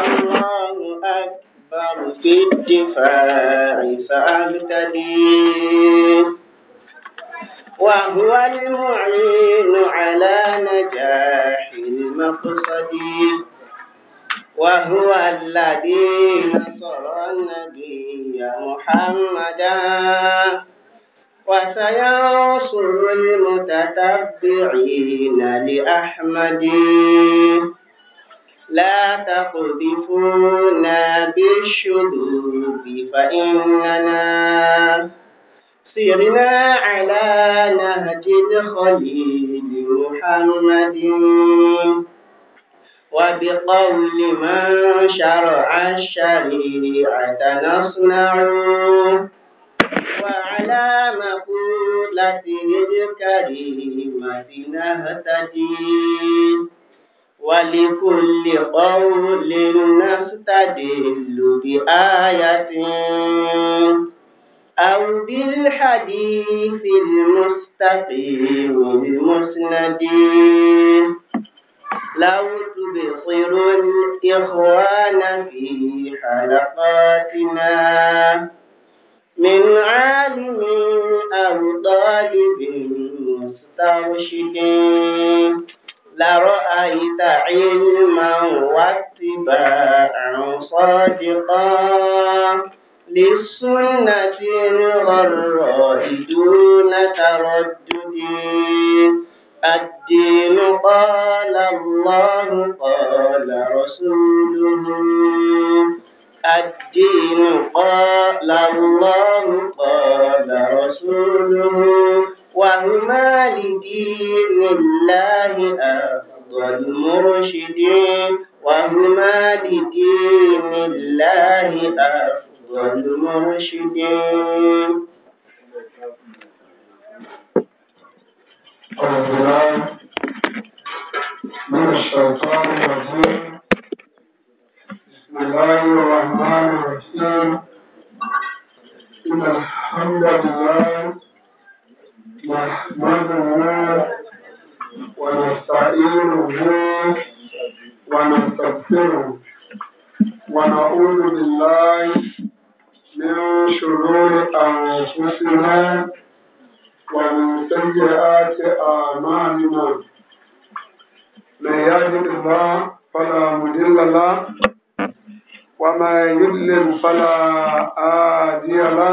الله أكبر في الدفاع فأبتدي وهو المعين على نجاح المقصد وهو الذي نصر النبي محمدا وسينصر المتتبعين لأحمد لا تقذفونا بالشذوذ فإننا سرنا على نهج الخليل محمد وبقول من شرع الشريعة نصنع وعلى مقولته الكريمة نهتدي ولكل قول نستدل بآية أو بالحديث المستقيم المسند لو تبصر الإخوان في حلقاتنا من عالم أو طالب مسترشد لرأيت علما واتباعا صادقا للسنة الغراء دون تردد الدين قال الله قال رسوله الدين قال الله قال رسوله وهما لدين الله أفضل مرشدين وهما لدين الله أفضل مرشدين من الشيطان الرجيم بسم الله الرحمن الرحيم إن الحمد لله نحمده ونستعينه ونستغفره ونعوذ بالله من شرور أنفسنا ومن سيئات أعمالنا من يهد الله فلا مضل له ومن يضلل فلا هادي له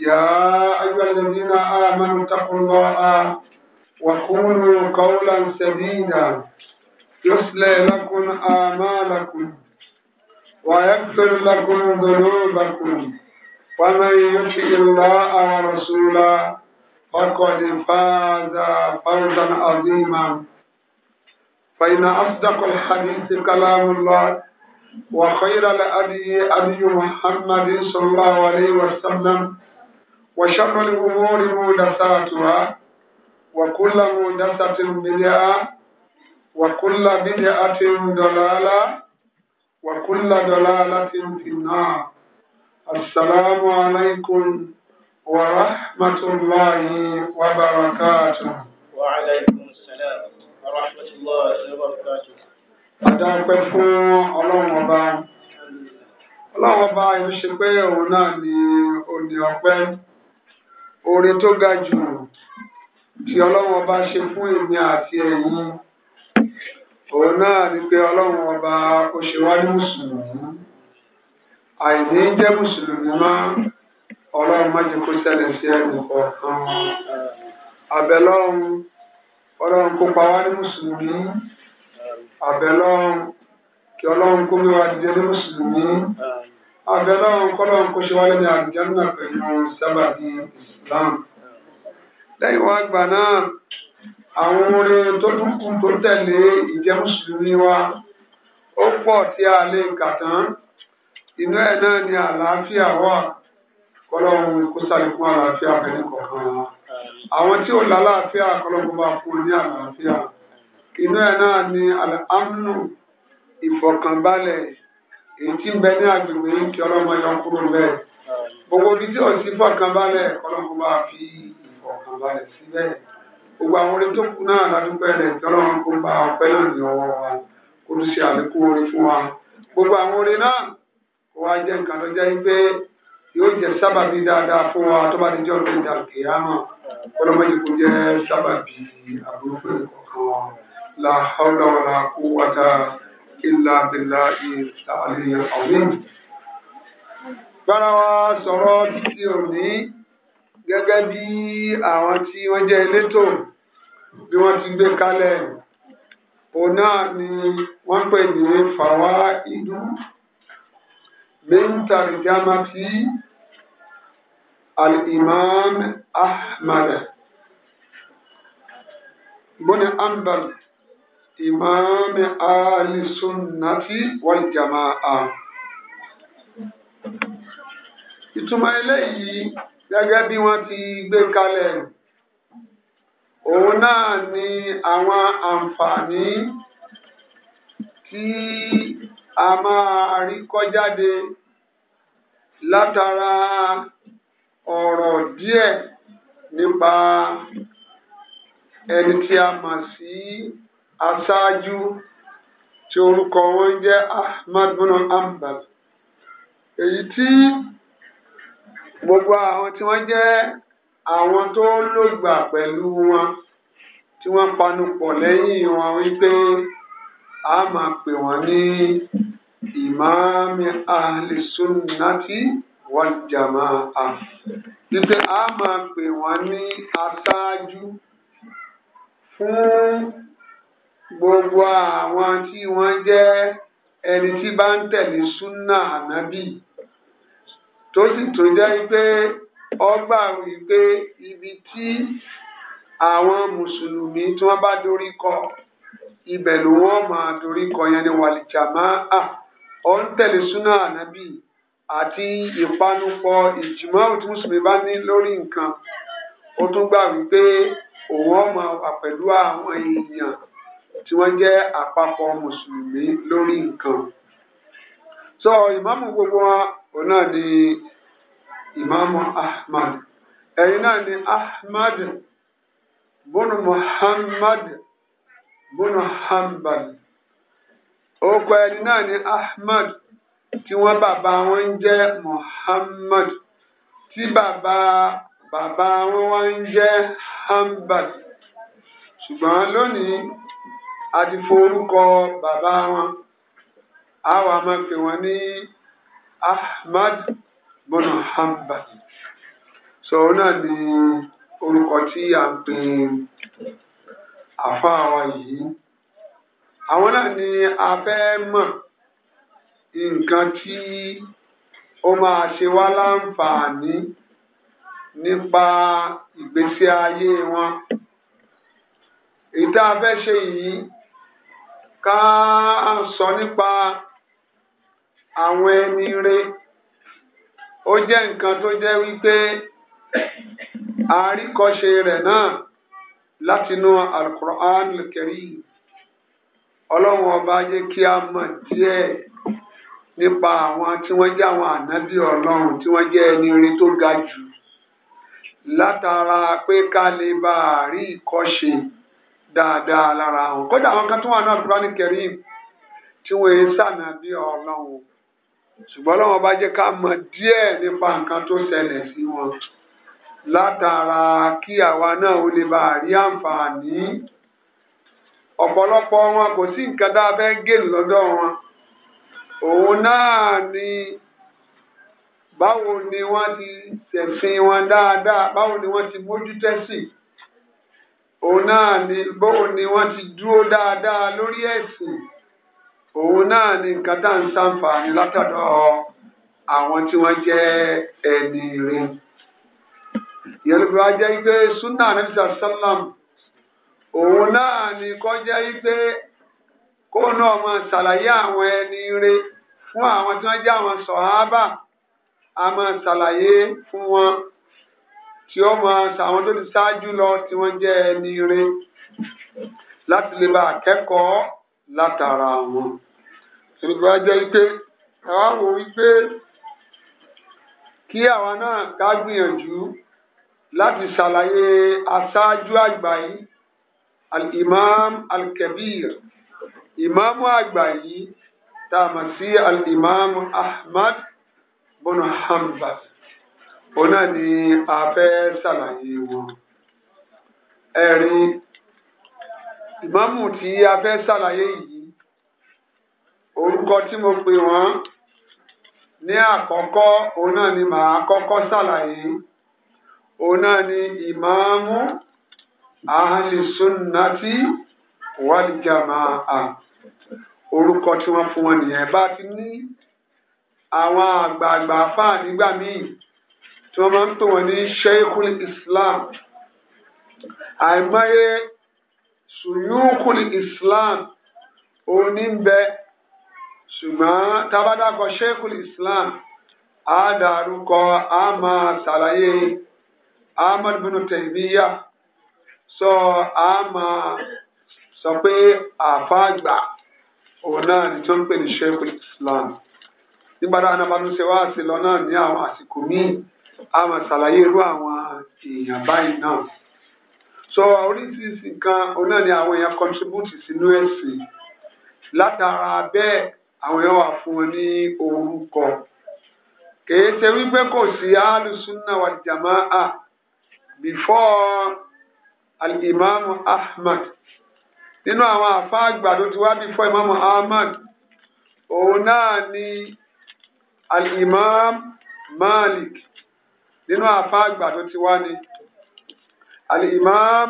يا أيها الذين آمنوا اتقوا الله وقولوا قولا سديدا يصلح لكم أعمالكم ويغفر لكم ذنوبكم ومن يطع الله ورسوله فقد فاز فوزا عظيما فإن أصدق الحديث كلام الله وخير الأدي أبي محمد صلى الله عليه وسلم وشر الأمور مهدفاتها وكل مهدفة بدعة وكل بدعة ضلالة وكل ضلالة في النار السلام عليكم ورحمة الله وبركاته وعليكم السلام ورحمة الله وبركاته Adáàpẹ́ fún ọlọ́run ọba. Ọlọ́run ọba yìí ṣe pé òun náà ni òní ọpẹ́ oore tó ga jù tí ọlọ́run ọba ṣe fún èmi àti ẹ̀yin òun náà ni pé ọlọ́run ọba ó ṣe wá ní mùsùlùmí àìní jẹ́ mùsùlùmí mọ́ ọlọ́run má jẹ́ kó ṣẹlẹ̀ sí ẹnì kọ̀ọ̀kan àbẹ̀lọ́run ọlọ́run kó pa wá ní mùsùlùmí àbẹ̀lọ́run kí ọlọ́run kó mi wá dìde ní mùsùlùmí àbẹ̀lọ́run kọ́lọ́run kó ṣe wáyé ní àlùjànnà pẹ̀lú sábàbí Islam. lẹ́yìn wá gbà náà àwọn orin tó dúkù tó tẹ̀lé ìjẹ́ mùsùlùmí wa ó pọ̀ tí a lè kà tán inú ẹ̀ náà ni àlàáfíà wà kọ́lọ́run kó sàlékún àlàáfíà pẹ̀lú kọ̀ọ̀kan wa. àwọn tí ò lálàáfíà kọ́lọ́run bá fún ní àlàáfíà inú ẹ̀ náà ni àmúnù ìfọ̀kànbalẹ̀ èyí tí ń bẹ ní agbègbè ń kí ọlọ́mọ yọ kúrò bẹ́ẹ̀ gbogbo ibi tí òsì fọkànbalẹ̀ ọlọ́mọ bá fi ìfọkànbalẹ̀ síbẹ̀ gbogbo àwọn orin tó kù náà ládùúgbẹ́ rẹ̀ tí ọlọ́mọ kó bá ọpẹ́ lónìí ọwọ́ wa kó ló ṣe àlékún orin fún wa gbogbo àwọn orin náà kó wá jẹ́ nǹkan tó jẹ́ pé yóò jẹ́ sábàbí dáadáa fún wa tó bá ti jẹ́ ọ̀rọ̀ ìjà kìámà ọlọ́mọ yìí kò jẹ́ sábàbí àbúrò pẹ̀lú kọ̀ọ̀kan wa la hawla wala ìlà bìlà ìtàlẹ̀ ọ̀hún. Bára wa sọ̀rọ̀ títí òní gẹ́gẹ́ bí àwọn tí wọ́n jẹ́ elétò bí wọ́n ti gbé kalẹ̀. Òun náà ni wọ́n pè ní fàwa ìlú. Mẹ́ńtà ìjàmá tí Al-Imam Ahmad. Bọ́ni Ambal إمام آل السنة والجماعة ìtumọ̀ eléyìí gẹ́gẹ́ bí wọ́n ti gbé kalẹ̀ òun náà ni àwọn àǹfààní tí a máa rí kọ́ jáde látara ọ̀rọ̀ díẹ̀ nípa ẹni tí a mọ̀ sí aṣáájú tí orúkọ wọn jẹ́ Ahmad bin Hanbal èyí tí gbogbo àwọn tí wọ́n jẹ́ àwọn tó lògbà pẹ̀lú wọn tí wọ́n panupọ̀ lẹ́yìn wọn wípé a máa pè wọ́n ní ìmáàmì àlìsúnnàtì wal jàmáà wípé a máa pè wọ́n ní aṣáájú fún gbogbo àwọn tí wọ́n jẹ́ ẹni tí bá ń tẹ̀lé súnà ànábì tó sì tó jẹ́ pé ọgbà wípé ibi tí àwọn mùsùlùmí tí wọ́n bá dorí kọ ibẹ̀ ló wọ́n máa dorí kọ yẹn ni wàlìjàmá à ọ ń tẹ̀lé súnà ànábì àti ìpanupọ̀ ìjìmọ̀ tí mùsùlùmí bá ní lórí nǹkan ó tún gbà wípé òun ọ̀ wà pẹ̀lú àwọn èèyàn tí wọ́n jẹ́ àpapọ̀ mùsùlùmí lórí nǹkan. sọ ìmáàmù gbogbo wọn òun náà ni ìmáàmù Ahmad ẹ̀yin náà ni Ahmad bùnú Muhammad bùnú Hanbal orúkọ ẹni náà ni Ahmad tí wọ́n bàbá wọn ń Muhammad tí bàbá bàbá wọn wá ń jẹ́ Hanbal ṣùgbọ́n lónìí a ti forúkọ bàbá wọn a wà máa pè wọ́n ní Ahmad bọ́nà Hanbal sọ̀rọ̀ náà ni orúkọ tí a ń pè àfáà wa yìí àwọn náà ni a fẹ́ mọ̀ nǹkan tí ó máa ṣe wá láǹfààní nípa ìgbésí ayé wọn èyí tá a fẹ́ ṣe yìí ká sọ nípa àwọn ẹni re ó jẹ́ nǹkan tó jẹ́ wípé àríkọ́ṣe re náà látinú alukur'an karim ọlọ́run ọba jẹ́ kí a mọ̀ díẹ̀ nípa àwọn tí wọ́n jẹ́ àwọn ànábì ọlọ́run tí wọ́n jẹ́ ẹni re tó ga jù látara pé ká lè bá a rí dáadáa lára wọn kódà àwọn kan tó wà náà lùkúránì kẹrìm tí wọn èé sànà bí Ọlọ́run ṣùgbọ́n Ọlọ́run bá jẹ́ ká mọ̀ díẹ̀ nípa nǹkan tó ṣẹlẹ̀ sí wọn látara kí àwa náà ó lè bá rí àǹfààní ọ̀pọ̀lọpọ̀ wọn kò sí nǹkan tá a fẹ́ gèlè lọ́dọ̀ wọn òun náà ni báwo ni wọ́n ti ṣẹ̀sìn wọn dáadáa báwo ni wọ́n ti mójútẹ́sìn òun náà ni bóun ni wọ́n ti dúró dáadáa lórí ẹ̀sìn òun náà ni nǹkan tá à ń ṣàǹfààní látọ̀dọ̀ àwọn tí wọ́n jẹ́ ẹni rẹ̀ ìyẹn ló fi sunna anabi sallam òun náà ni kọ́ jẹ́ pé kó náà máa ṣàlàyé àwọn ẹni rẹ̀ fún àwọn tí wọ́n jẹ́ àwọn sọ̀hábà a máa ṣàlàyé fún wọn tí ó máa tàwọn tó ti ṣáájú lọ tí wọ́n jẹ́ ẹni rẹ láti lè bá akẹ́kọ̀ọ́ látara wọn. Ìgbà jẹ́ wípé àwa wò wípé kí àwa náà ká gbìyànjú láti ṣàlàyé aṣáájú àgbà yìí al-imam al-kabir ìmáàmù àgbà yìí tá sí al-imam Ahmad bin Hanbal òun náà ni a fẹ́ ṣàlàyé wọn ẹ̀rí ìmáàmù tí a fẹ́ ṣàlàyé yìí orúkọ tí mo pè wọ́n ní àkọ́kọ́ òun náà ni màá kọ́kọ́ ṣàlàyé òun náà ni ìmáàmù ahàlìsúnnàtì wàlìjàmáà orúkọ tí wọ́n fún wọn nìyẹn bá ti ní àwọn àgbààgbà fáà nígbà míì tí wọ́n máa ń pè wọ́n ní sheikhul islam àìmọye suyukul islam òun ní ń bẹ tábàdàkọ sheikhul islam á dárúkọ á máa ṣàlàyé ahmad bin taymiya sọ á máa sọ pé àfáàgbà òun náà ni tó ń pè ní sheikhul islam nígbàdàn anamadu ṣe wá sí lọ náà ní àwọn àsìkò míì a máa ṣàlàyé irú àwọn èèyàn báyìí náà so oríṣiríṣi nǹkan oná ni àwọn èèyàn contribute sínú ẹ̀sìn látara bẹ́ẹ̀ àwọn èèyàn wà fún wọn ní orúkọ kèé ṣe wípé kò sí alùsùnà wà jàmáà before alimami ahmad nínú àwọn àfáà àgbà tó ti wá before imam ahmad òun náà ni alimami malik nínú àfa àgbà tó ti wá ni al-imam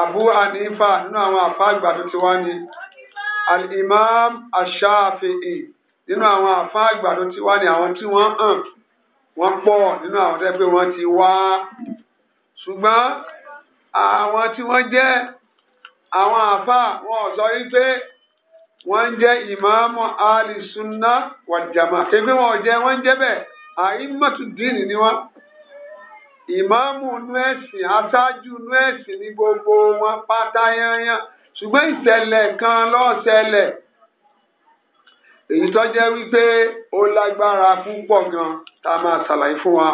abu hanifa nínú àwọn àfa àgbà tó ti wá ni al-imam ash-shafi'i nínú àwọn àfa àgbà tó ti wá ni àwọn tí wọ́n hàn wọ́n pọ̀ nínú àwọn tó pé wọ́n ti wá ṣùgbọ́n àwọn tí wọ́n jẹ́ àwọn àfa wọn ò sọ wípé wọ́n ń jẹ́ ìmáàmù alìsúnná wàjàmá kébí wọn ò jẹ́ wọ́n ń jẹ́ bẹ́ẹ̀ àìmọ̀tún dínì ni wọ́n ìmáàmù inú ẹ̀sìn aṣáájú inú ẹ̀sìn ní gbogbo wọn pátá yányán ṣùgbọ́n ìṣẹ̀lẹ̀ kan ló ṣẹlẹ̀ èyí tó jẹ́ wípé ó lágbára púpọ̀ gan tá a máa ṣàlàyé fún wa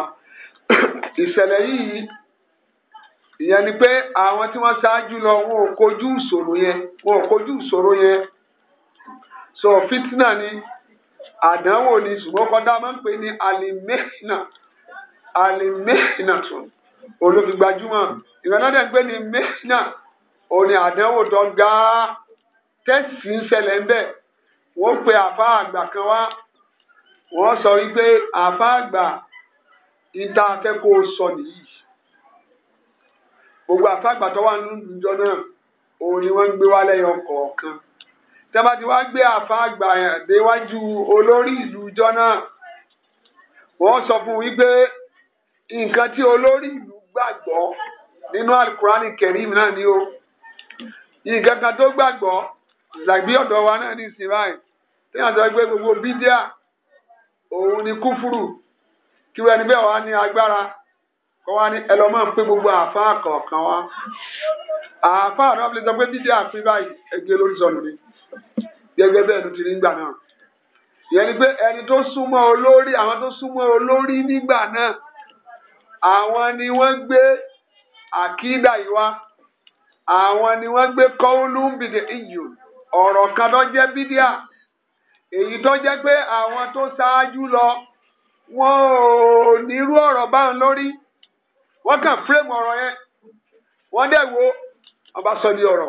ìṣẹ̀lẹ̀ yìí ìyẹn ni pé àwọn tí wọ́n ṣáájú lọ wọn ò kojú ìṣòro yẹn wọn ò kojú ìṣòro yẹn so fitna ni àdánwò ni ṣùgbọ́n kọ́dá máa ń pè ní alimẹ́hìnà alimẹ́hìnàtún olófin gbajúmọ̀ ìrànlọ́dẹ̀ ń gbé ní mẹ́hìnà òun ni àdánwò tó ga tẹ́sì ń ṣẹlẹ̀ ńbẹ̀ wọ́n pe àfa àgbà kan wá wọ́n sọ wípé àfa àgbà ìta akẹ́kọ̀ọ́ sọ nìyí gbogbo àfa àgbà tó wà nínú ìjọ náà òun wọ́n ń gbé wá lẹ́yọ kọ̀ọ̀kan tẹ́bà tí wá gbé àfa àgbà déwájú olórí ìlú ìjọ náà wọ́n sọ fún wípé nǹkan tí olórí ìlú gbàgbọ́ nínú alukurani kẹrìm náà ni ó nǹkan kan tó gbàgbọ́ làgbé ọ̀dọ̀ wa náà ní ìsìn báyìí tí wọ́n sọ pé gbogbo bídíà òun ni kúfúrú kí wọ́n ẹni bẹ́ẹ̀ wá ní agbára kọ́ wá ní ẹlọ́mọ̀ pé gbogbo àáfàá kọ̀ọ̀kan wá àáfàá náà fi sọ pé bídíà pín báyìí ẹgbẹ́ lórí sọnù ni gẹ́gẹ́ bẹ́ẹ̀ ló ti rí nígbà náà ìyẹn ni pé ẹni tó súnmọ́ olórí àwọn tó súnmọ́ olórí nígbà náà àwọn ni wọ́n gbé àkídà yìí wá àwọn ni wọ́n gbé kọ́ọ̀lù bìdì ọ̀rọ̀ kan tó jẹ́ bídíà èyí tó jẹ́ pé àwọn tó ṣáájú lọ wọ́n ò nírú ọ̀rọ̀ báwọn lórí wọ́n kàn fírèmù ọ̀rọ̀ yẹn wọ́n dẹ̀ wo ọba sọ di ọ̀rọ̀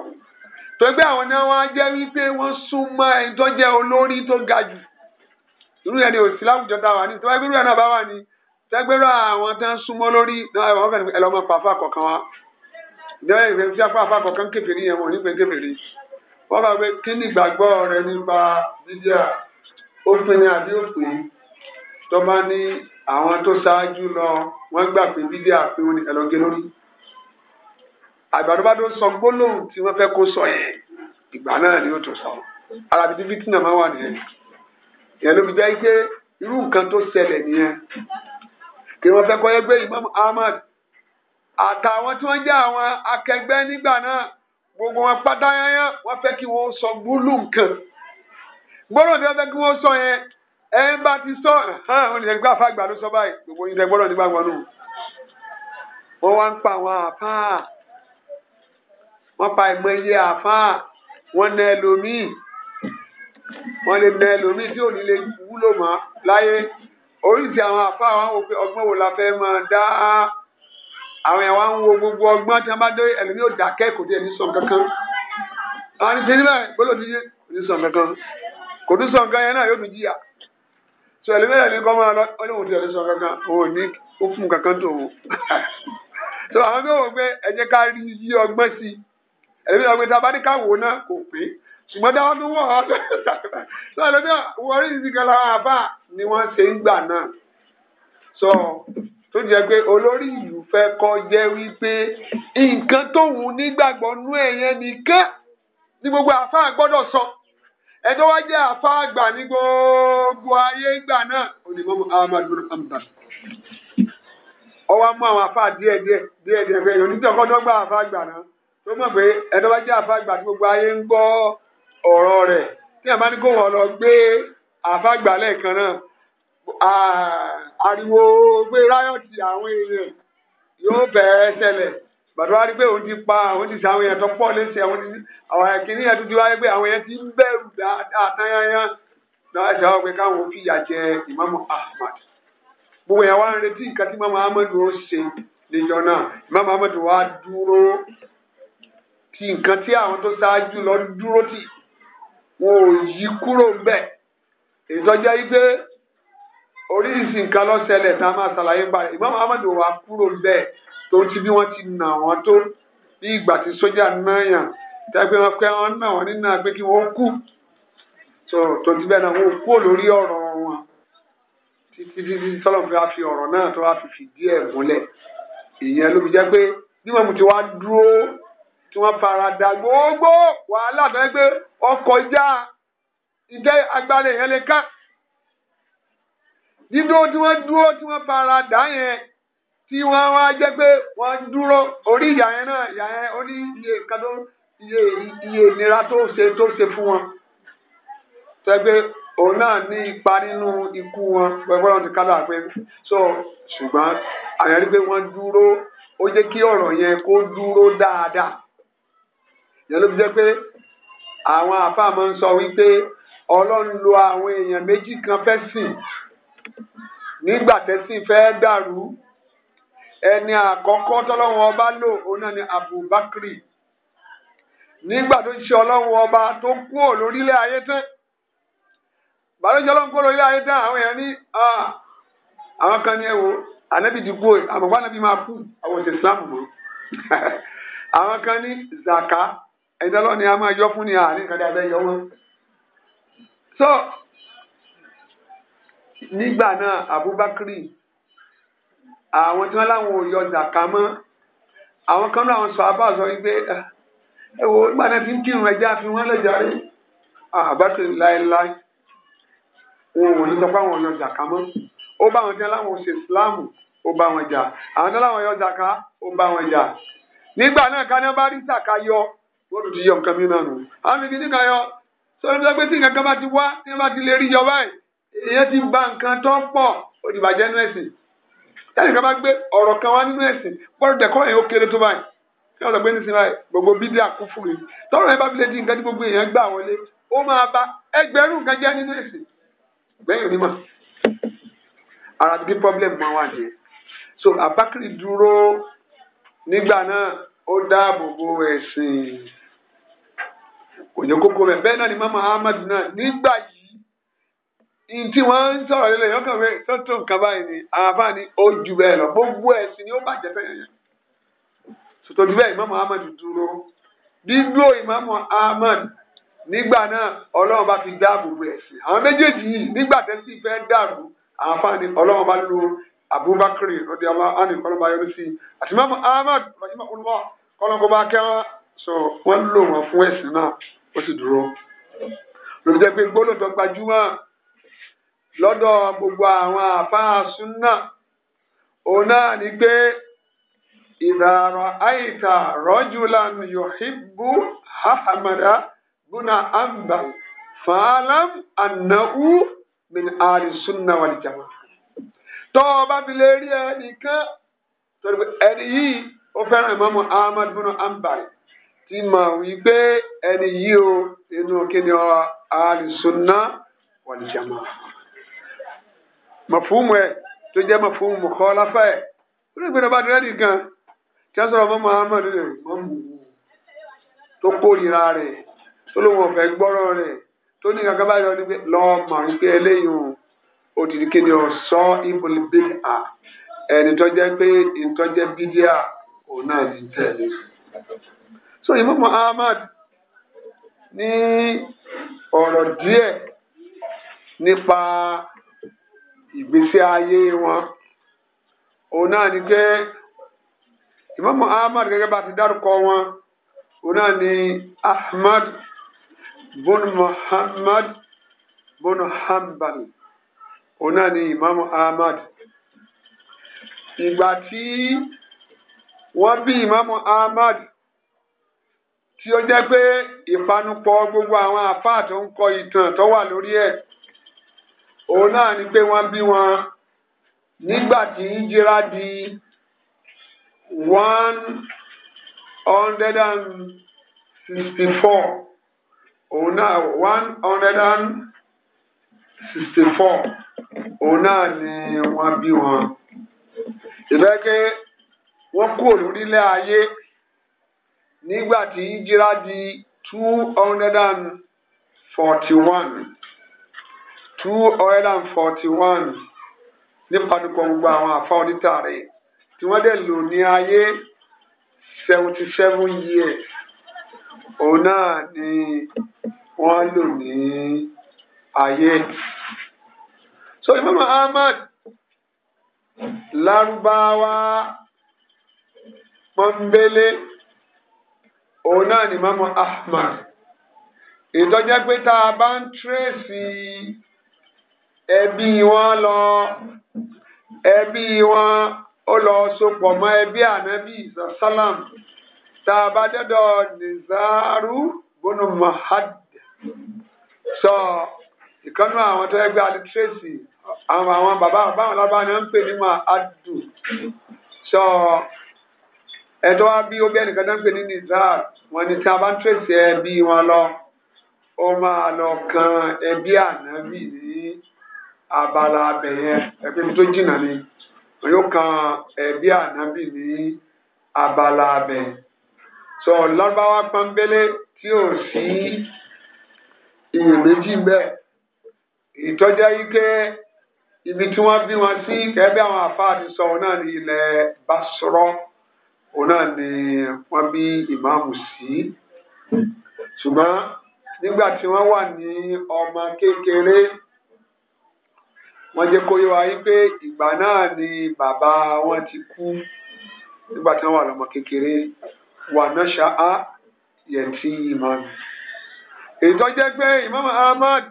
tó gbé àwọn náà wọ́n á jẹ́ wípé wọ́n súnmọ́ ẹni tó jẹ́ olórí tó ga jù irú yẹn ni òsì láwùjọ táwa ní tó wáyé irú yẹn náà bá wà ní tẹgbẹrọ àwọn tó ń súnmọ́ lórí àwọn fẹẹ ẹ lọ máa pa afáàkọ kan wa ìjọba ìfẹ́ tí afá afáàkọ kan kékeré yẹn wọn ò ní pé kékeré wọn bá pé kí ni ìgbàgbọ́ rẹ nípa bíbíà ó pin ní àbí òpin tó bá ní àwọn tó ṣáájú lọ wọn gbà pé bíbíà pé wọn ní ẹ lọ gé lórí àgbàdo bá tó sọ gbólóhùn tí wọn fẹ́ kó sọ yẹn ìgbà náà ni ó tó sọ ara bíi fìtínà máa wà nìyẹn ìyẹn ló fi jẹ́ pé irú nǹkan tó ṣẹlẹ̀ nìyẹn kí wọ́n fẹ́ kọ́ gbé Imam Ahmad àtàwọn tí wọ́n jẹ́ àwọn akẹgbẹ́ nígbà náà gbogbo wọn pátá yányán wọ́n fẹ́ kí wọ́n sọ gbúlù nǹkan gbọ́dọ̀ tí wọ́n fẹ́ kí wọ́n sọ yẹn ẹ ń bá ti sọ hàn wọn lè gbà fàgbà ló sọ báyìí gbogbo yìí tẹ gbọ́dọ̀ nígbà wọn wá ń pa àwọn àfáà wọ́n pa ìmọ̀ iye àfáà wọ́n nà ẹlòmíì wọ́n lè nà ẹlòmíì tí ò ní lè wúlò mọ́ láyé oríṣi àwọn àfa wa ń wo pé ọgbọ́n wo la fẹ́ máa dá àwọn yẹn wa ń wo gbogbo ọgbọ́n tí wọ́n bá dé ẹlòmí ò dákẹ́ kò tiẹ̀ ní sàn kankan àwọn ní tẹ́lẹ̀ báyìí gbọ́dọ̀ ti yé kò ní sàn kankan kò ní sàn kankan yẹn náà yóò tún jìyà sọ ẹlòmí ẹ̀rọ kọ́ máa lọ ọlọ́run ti ọ̀dọ́ sàn kankan òun ní ó fún kankan tó wò sọ àwọn tó wò pé ẹ jẹ́ ká rí yí ọgbọ́n sí ẹlòmí ọgbẹ́ tá a bá ní ká wò náà kò pé ṣùgbọ́n dáwọ́dún wọ̀ ọ́ lọ́dọ̀ náà wọrí ìsìnkàn làwọn àbá ni wọ́n ṣe ń gbà náà sọ tó jẹ́ pé olórí ìlú fẹ́ kọ́ jẹ́ wípé nǹkan tóun nígbàgbọ́ nú ẹ̀yẹn nìkan ni gbogbo àfa gbọ́dọ̀ sọ ẹjọ́ wá jẹ́ àfa àgbà ní gbogbo ayé ìgbà náà onímọ̀ ahmadu hamdan ọwọ́ mú àwọn àfa díẹ̀ díẹ̀ díẹ̀ díẹ̀ pé onítọ̀kọ́dọ́gba àfa àgbà náà tó mọ̀ pé ẹjọ́ wá jẹ́ àfa àgbà tí gbogbo ayé ń gbọ́ ọ̀rọ̀ rẹ̀ tí a bá ní kó wọ́n lọ gbé àfàgbà lẹ́ẹ̀kan náà ariwo gbé ráyọ̀tì àwọn èèyàn yóò bẹ̀ẹ́ ṣẹlẹ̀ gbàdúrà rí pé òun ti pa òun ti sàwọn èèyàn tó pọ̀ léṣe àwọn ti kìíní yẹn tuntun wáyé pé àwọn èèyàn ti ń bẹ̀rù dáadáa náà ṣe àwọn pé káwọn ò jẹ Ahmad gbogbo èèyàn wá ń retí nǹkan tí ó ṣe níjọ náà wá dúró nǹkan tí àwọn tó ṣáájú lọ dúró wọn ò yí kúrò ń bẹ̀ ìtọ́jà yìí pé oríṣi nǹkan lọ́sẹ̀lẹ̀ tá a máa ṣàlàyé ń báyìí ìmọ̀ Muhammad ò wá kúrò ń bẹ̀ tó ti bí wọ́n ti nà wọ́n tó bí ìgbà tí sójà náà yàn tẹ́gbẹ́ wọn pé wọ́n nà wọ́n nínú àgbẹ̀ kí wọ́n kú tó ti bẹ́ẹ̀ náà wọ́n kú lórí ọ̀rọ̀ wọn títí títí tọ́lọ̀ fi wá fi ọ̀rọ̀ náà tó wá fi fìdí ẹ̀ múlẹ̀ ìyẹn ló fi jẹ́ pé bí wọ́n ti wá dúró tí wọ́n fara da gbogbo wàhálà tó yẹ ọkọ̀ já ìjẹ́ agbára yẹn lè ká. tí wọ́n dúró tí wọ́n fara da yẹn tí wọ́n wá jẹ́ pé wọ́n dúró orí ìyá yẹn náà ìyá yẹn ó ní iye kan iye iye tó ṣe tó ṣe fún wọn. òun náà ní ipa nínú ikú wọn pẹ̀lú kádà pé ṣùgbọ́n àyàn rí pé wọ́n dúró ó jẹ́ kí ọ̀rọ̀ yẹn kó yẹn ló fi jẹ́ pé àwọn àfáà máa ń sọ wípé ọlọ́run lo àwọn èèyàn méjì kan fẹ́ sìn nígbà tẹ́sìn fẹ́ dàrú ẹni àkọ́kọ́ tọ́lọ́run ọba lò òun náà ni Abubakar nígbà tó ṣe ọlọ́run ọba tó kúrò lórílẹ̀ ayé tán bàlójú ọlọ́run kúrò lórílẹ̀ ayé tán àwọn èèyàn ní àwọn kan ní ẹ̀wò ànábì ti kú àmọ̀pá ànábì máa kú àwọn òṣèlú Islam àwọn kan ní zaka ẹ̀dá lọ́ni a máa yọ fún ni àní nǹkan dé abẹ́ yọ wọ́n. so nígbà náà Abubakri àwọn tí wọ́n láwọn ò yọ zàkà mọ́ àwọn kan náà àwọn sọ abá sọ wípé ah, ẹ wo nígbà náà fi ń kírun ẹja fi wọ́n lè járe àbátì láéláé wọn ò ní sọ pé àwọn ò yọ zàkà mọ́ ó bá àwọn tí wọ́n láwọn ò ṣe Islam ó bá wọn jà àwọn tí wọ́n láwọn yọ zàkà ó bá wọn jà nígbà náà kaná bá rí zàkà yọ wọ́n tún ti yọ nǹkan mìíràn nù. àwọn ibi nìkan yọ sọ́yìn tó pé tí nǹkan kan bá ti wá tí wọ́n bá ti lè rí yọ báyìí èèyàn ti ba nǹkan tó pọ̀ ó ti bàjẹ́ nínú ẹ̀sìn. táyì kan bá gbé ọ̀rọ̀ kan wá nínú ẹ̀sìn bọ́ọ̀lù dẹ̀kọ́ èèyàn ó kéré tó báyìí tí wọ́n sọ pé nísìnyí báyìí gbogbo bídí àkúfùrù tọ́rọ̀ yẹn bá fi lè di nǹkan tí gbogbo èèyàn gbà wọlé ó máa ba ẹgbẹ̀rún nǹkan jẹ́ nínú ẹ̀sìn gbẹ̀yìn onímọ̀ ara bíi pọ́blẹ́mù máa wà nìyẹn so Abakiri dúró nígbà náà ó dáàbò bo ẹ̀sìn òye kókó rẹ̀ bẹ́ẹ̀ náà ni mama Ahmed náà nígbà yìí ní tí wọ́n ń sọ̀rọ̀ lélẹ̀ yọ̀ọ́ kàn fẹ́ tọ́tọ̀ nǹkan báyìí ni àáfàá ni ó jù bẹ́ẹ̀ lọ gbogbo ẹ̀sìn ni ó bàjẹ́ fẹ́yẹ̀ yẹn sọtọ́jú bẹ́ẹ̀ ìmáàmù ahmad dúró dídúró ìmáàmù ahmad nígbà náà ọlọ́run bá fi dáàbò bo ẹ̀sìn àwọn méjèèjì yìí nígbà tẹ́sí fẹ́ dàrú àáfàá ni ọlọ́run bá lo abubakar rọdí ọlá ánì kọlọmọ ayọrọ sí àti mọmọ ahmed rọdí ọlọ kọlọmọ bá kẹwọn sọ wọn lò wọn fún ẹsìn náà ó sì dúró lóbi jẹ pé gbólótọ gbajúmọ̀ lọ́dọ̀ gbogbo àwọn àfáà súnà òun náà ni pé ìdàrọ àìta rọjùlan yòhìbù hahamada bùnà àmbà fàálàm ànáwó min àrí súnà wàlìjàmá tọ́ ọ bá fi lè rí ẹnìkan ẹni yìí ó fẹ́ràn ìmọ̀mù ahmad bùnú ambal ti mọ̀ wípé ẹni yìí o inú kíni ọ alìsúnná wàlìjàmá mọ̀fúnmù ẹ̀ tó jẹ́ mọ̀fúnmù mọ̀kọ́ láfẹ́ ẹ̀ lórí ìgbìnà bá dúró nìkan tí wọ́n sọ̀rọ̀ mọ́mọ́ ahmad rẹ̀ mọ́mù tó kórìíra rẹ̀ tó lóun ọ̀fẹ́ gbọ́rọ̀ rẹ̀ tó ní kankan báyọ̀ lọ́ọ́ mọ̀ wípé eléyìí ó ti di kéde ọsọ ìbòlì bíi à ẹni tó jẹ pé ìtọjẹ bídíà òun náà ní tẹ̀lé so Imam Ahmad ní ọ̀rọ̀ díẹ̀ nípa ìgbésí ayé wọn òun náà ni pé Imam Ahmad gẹ́gẹ́ bá ti dárúkọ wọn òun náà ni Ahmad bun Muhammad bun Hanbal. òun náà ni Imam Ahmad ìgbà tí wọn bí Imam Ahmad tí ó jẹ́ pé ìpanupọ̀ gbogbo àwọn àfáà tó ń kọ ìtàn tó wà lórí ẹ̀ òun náà ni pé wọn bí wọn nígbà tí hijira di one hundred and sixty four òun náà one hundred and sixty four. òun náà ni wọ́n bí wọn ìfẹ́kẹ́ wọ́n kú òlúrílẹ̀ ayé nígbà tí jíra di two hundred and forty one two hundred and forty one nípadùkọ̀ gbogbo àwọn àfáwọ́dítà rẹ̀ tí wọ́n dẹ̀ lò ní ayé seventy seven years òun náà ni wọ́n lò ní ayé so imam ahmad lárúbáwá pọ́nbélé òun náà ni imam ahmad ìtọ́jẹ́ pé tá a bá ń tírèsì ẹbí wọn lọ ẹbí wọn ó lọ sopọ̀ mọ́ ẹbí ànábì sálàm tá a bá dọ́dọ̀ nìzárù bónú mahad sọ ìkànnì àwọn tó ẹgbẹ́ alitrèsì. So, àwọn àwọn bàbá báwọn lábá ni wọ́n ń pè ní máa adu sọ ẹ̀tọ́ wa bí obi ẹnìkan náà ń pè ní nizar wọn ni tí a bá ń tẹ̀sí ẹbí wọn lọ ó máa lọ kan ẹbí ànábì ní abala abẹ yẹn ẹbí tó jìnnà ni wọn yóò kan ẹbí ànábì ní abala abẹ sọ lọ́gbàwá pọ́nbélé tí ò sí iyèméjì bẹ́ẹ̀ ìtọ́jà yìí ibi tí wọ́n bí wọn sí kẹ́bí àwọn àfáà ti sọ òun náà ní ilẹ̀ Basrọ̀ òun náà ni wọ́n bí ìmáàmù sí ṣùgbọ́n nígbà tí wọ́n wà ní ọmọ kékeré wọ́n jẹ́ kó yé wa yí pé ìgbà náà ni bàbá wọn ti kú nígbà tí wọ́n wà lọ́mọ kékeré wà náà ṣáá yẹtí ìmáàmù èyí tó jẹ́ pé ìmáàmù Ahmad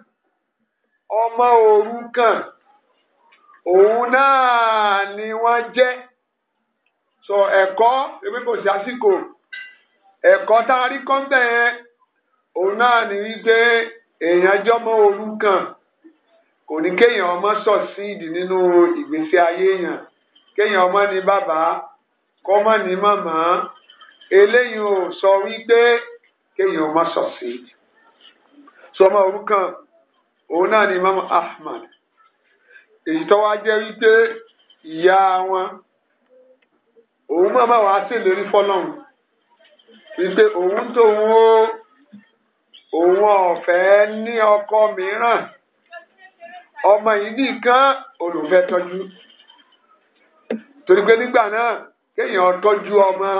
ọmọ òrukàn. òun náà ni wọ́n jẹ́ sọ ẹ̀kọ́ ewé kò sí àsìkò ẹ̀kọ́ tá a rí kọ́ńtẹ̀ yẹn òun náà ni wípé èèyàn jọmọ kò ní kéèyàn ọmọ sọ̀síìdì nínú ìgbésí ayé èèyàn ọmọ bàbá Ahmad èyí tó wá jẹ́ wípé ìyá wọn òun máa bá wàá ṣèlérí fọlọ́run wípé òun tóun ó òun ọ̀fẹ́ ní ọkọ mìíràn ọmọ yìí nìkan olùfẹ́ tọ́jú torí pé nígbà náà kéèyàn tọ́jú ọmọ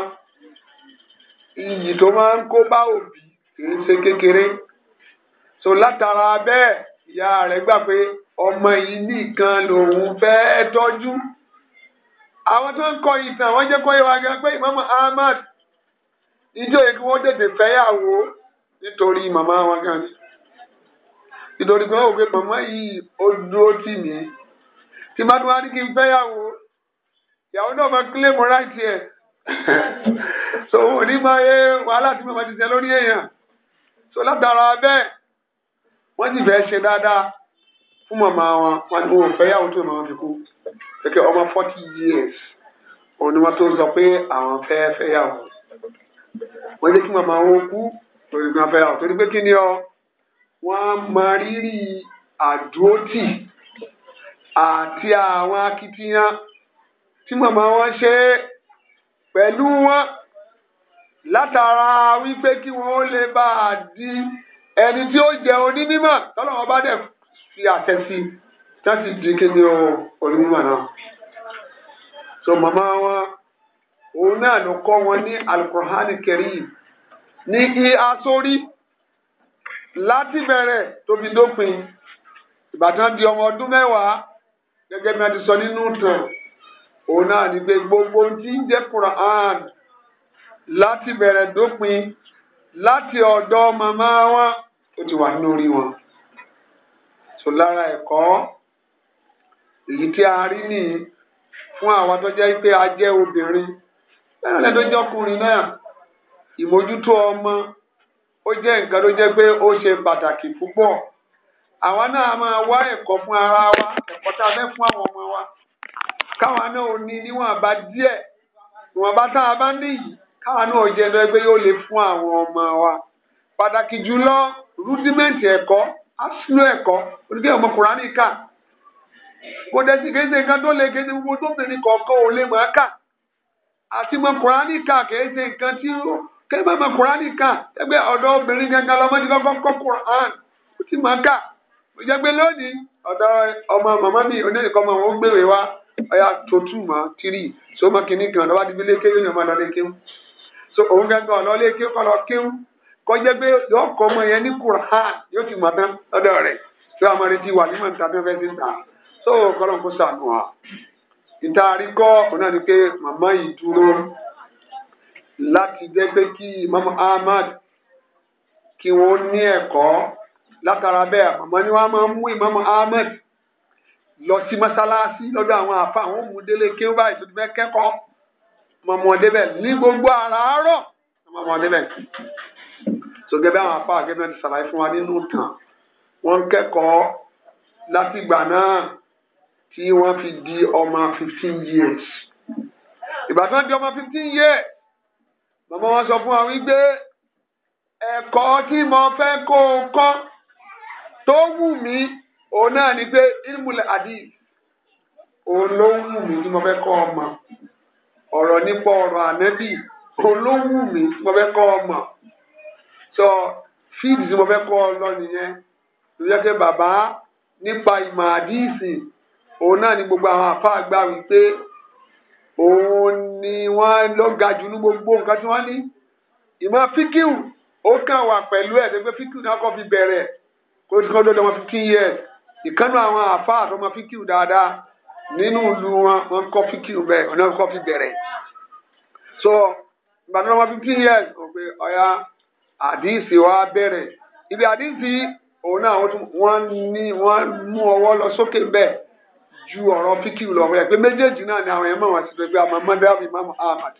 iyì tó máa ń kó bá òbí kì í ṣe kékeré so látara bẹ́ẹ̀ ìyá rẹ̀ gbà pé ọmọ yìí nìkan lòun fẹ́ẹ́ tọ́jú àwọn tó ń kọ ìtàn wọ́n jẹ́ kó yẹ wá gan pé Imam Ahmad ìjọ yìí kí wọ́n tètè fẹ́yàwó nítorí màmá wọn gan ni nítorí pé wọ́n wò pé màmá yìí ó dúró tì mí tí bá tún wá ní kí n fẹ́yàwó ìyàwó náà máa kílèmù ráìtì ẹ̀ so òun ò ní máa yé wàhálà tí màmá ti tẹ lórí èèyàn so látara bẹ́ẹ̀ wọ́n sì fẹ́ ṣe dáadáa fún màmá wọn wọn ni wọn fẹ́ yàwó tó màmá wọn fi kú kẹkẹ ọmọ forty years òun ni wọn tó sọ pé àwọn fẹ́ fẹ́ yàwó wọn jẹ́ kí màmá wọn kú torí pé wọn fẹ́ yàwó torí pé kí ni ọ wọn mọ rírì àdúrótì àti àwọn akitiyan tí màmá wọn ṣe pẹ̀lú wọn látara wípé kí wọn ó lè bá a di ẹni tí ó jẹ onímọ̀ tọ́lọ́wọ́n bá dẹ̀ tí a tẹ́ sí láti di kíni o onímọ̀ náà. so màmá wa òun náà ló kọ́ wọn ní alukurhani kẹrìm ní ìhà sórí láti bẹ̀rẹ̀ tóbi dópin ìbátan di ọmọ ọdún mẹ́wàá gẹ́gẹ́ bí wọ́n ti sọ nínú tàn òun náà ní pé gbogbo tí ń jẹ́ Quran láti bẹ̀rẹ̀ dópin láti ọ̀dọ̀ màmá wa ó ti wà nínú wọn so lára ẹ̀kọ́ èyí tí a rí nìyí fún àwọn tó jẹ́ pé a jẹ́ obìnrin lẹ́yìn lẹ́yìn tó jẹ́ ọkùnrin náà ìmójútó ọmọ ó jẹ́ nǹkan tó jẹ́ pé ó ṣe pàtàkì púpọ̀ àwa náà máa wá ẹ̀kọ́ fún ara wa ẹ̀kọ́ tá a fẹ́ fún àwọn ọmọ wa káwa náà ò ní níwọ̀n bá díẹ̀ ìwọ̀n bá tá a bá ní yìí káwa náà ò jẹ́ lọ́ọ́ pé yóò lè fún àwọn ọmọ wa pàtàkì jùlọ rúdímẹ̀ntì ẹ̀kọ́ a ẹ̀kọ́ oníkẹ ọmọ kùránì kà kò dẹsí kéde nǹkan tó lè kéde gbogbo tó bèrè kọ̀ọ̀kan ò lè máa kà àti mọ kùránì kà kéde nǹkan tí mọ kùránì kà obìnrin gangan kùrán ó ti máa kà ó pé lónìí ọmọ màmá mi ọmọ wọn ó gbèrè tó tù kéwìn ọmọ kéwìn so òun kéwìn kọjá pé yọọ kọ ọmọ yẹn ní Qur'an yóò ti mọ tán rẹ̀ tí wọn retí wà nígbà níta tó fẹ́ sí ta so kó sànù wa ìtaari kọ́ ni pé màmá yìí dúró láti jẹ́ pé kí Imam Ahmad kí wọ́n ní ẹ̀kọ́ látara bẹ́ẹ̀ màmá ni wọ́n máa ń mú Ahmad lọ sí lọ́dọ̀ àwọn àwọn òmùdélé ní gbogbo àràárọ̀ so gẹ́gẹ́ àwọn apá àgẹ́gẹ́ ti ṣàlàyé fún wa nínú tàn wọ́n ń kẹ́kọ̀ọ́ látìgbà náà tí wọ́n fi di ọmọ fifteen years ìgbà tí wọ́n di ọmọ fifteen years màmá wọn sọ fún wa wípé ẹ̀kọ́ tí mo fẹ́ kó o kọ́ tó wù mí òun náà ni pé ilmùlẹ̀ hadith òun ló wù mí tí mo fẹ́ kọ́ ọmọ ọ̀rọ̀ nípa ọ̀rọ̀ ànẹ́bì òun ló wù mí tí mo fẹ́ kọ́ ọmọ sọ fíìdì tí mo fẹ́ kọ́ ọ lọ nìyẹn tó jẹ́ pé bàbá nípa ìmọ̀ àdíìsì òun náà ni gbogbo àwọn àfáà gbà wípé òun ni wọ́n ló ga jù ní gbogbo nǹkan tí wọ́n ní ìmọ̀ fíkìwù ó kàn wà pẹ̀lú ẹ̀ tó pé fíkìwù náà kọ́ fi bẹ̀rẹ̀ kó tó dọ́dọ̀ wọn fifteen years ìkànnì àwọn àfáà tó mọ fíkìwù dáadáa nínú ìlú wọn wọn kọ́ fíkìwù bẹ́ẹ̀ ọ̀nà kọ́ fi bẹ̀rẹ̀ so ìgbà tó wọn fifteen years ó pé ọ̀ya àdìsí wa bẹ̀rẹ̀ ibi àdìsí òun náà wọ́n ní wọ́n mú ọwọ́ lọ sókè bẹ́ẹ̀ ju ọ̀rọ̀ fíkì lọ wọ́n yẹ pé méjèèjì náà ni àwọn ẹ̀mọ́ wọn ti sọ pé àmọ́ mọ́dáàbù imam ahmad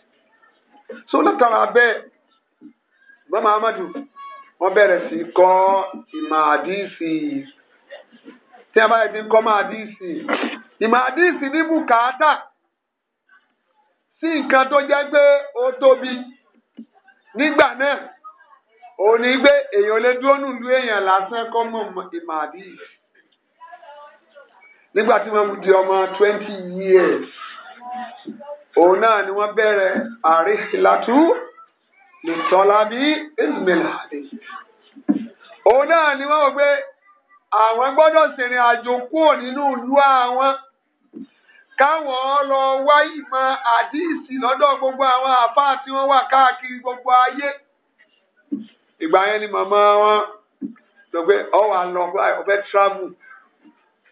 so látara bẹ́ẹ̀ imam ahmad wọ́n bẹ̀rẹ̀ sí kọ́ ìmọ̀ àdìsí tí a bá yẹ ti ń kọ́ mọ́ àdìsí ìmọ̀ àdìsí ní bùkátà sí nǹkan tó jẹ́ pé ó tóbi nígbà náà òun ni pé èèyàn lè dúró nùlú èèyàn lásán kọ́ mọ̀ ìmọ̀ àdìs nígbà tí wọ́n di ọmọ twenty years òun náà ni wọ́n bẹ̀rẹ̀ àríṣìlátú nìtọ́lábí ismail hadith òun náà ni wọ́n wò pé àwọn gbọ́dọ̀ ṣèrìn àjò kúrò nínú ìlú àwọn káwọn lọ wá ìmọ̀ àdìsí lọ́dọ̀ gbogbo àwọn àfáà tí wọ́n wà káàkiri gbogbo ayé ìgbà yẹn ni màmá wọn sọ pé ọ wà lọ ọfẹ travel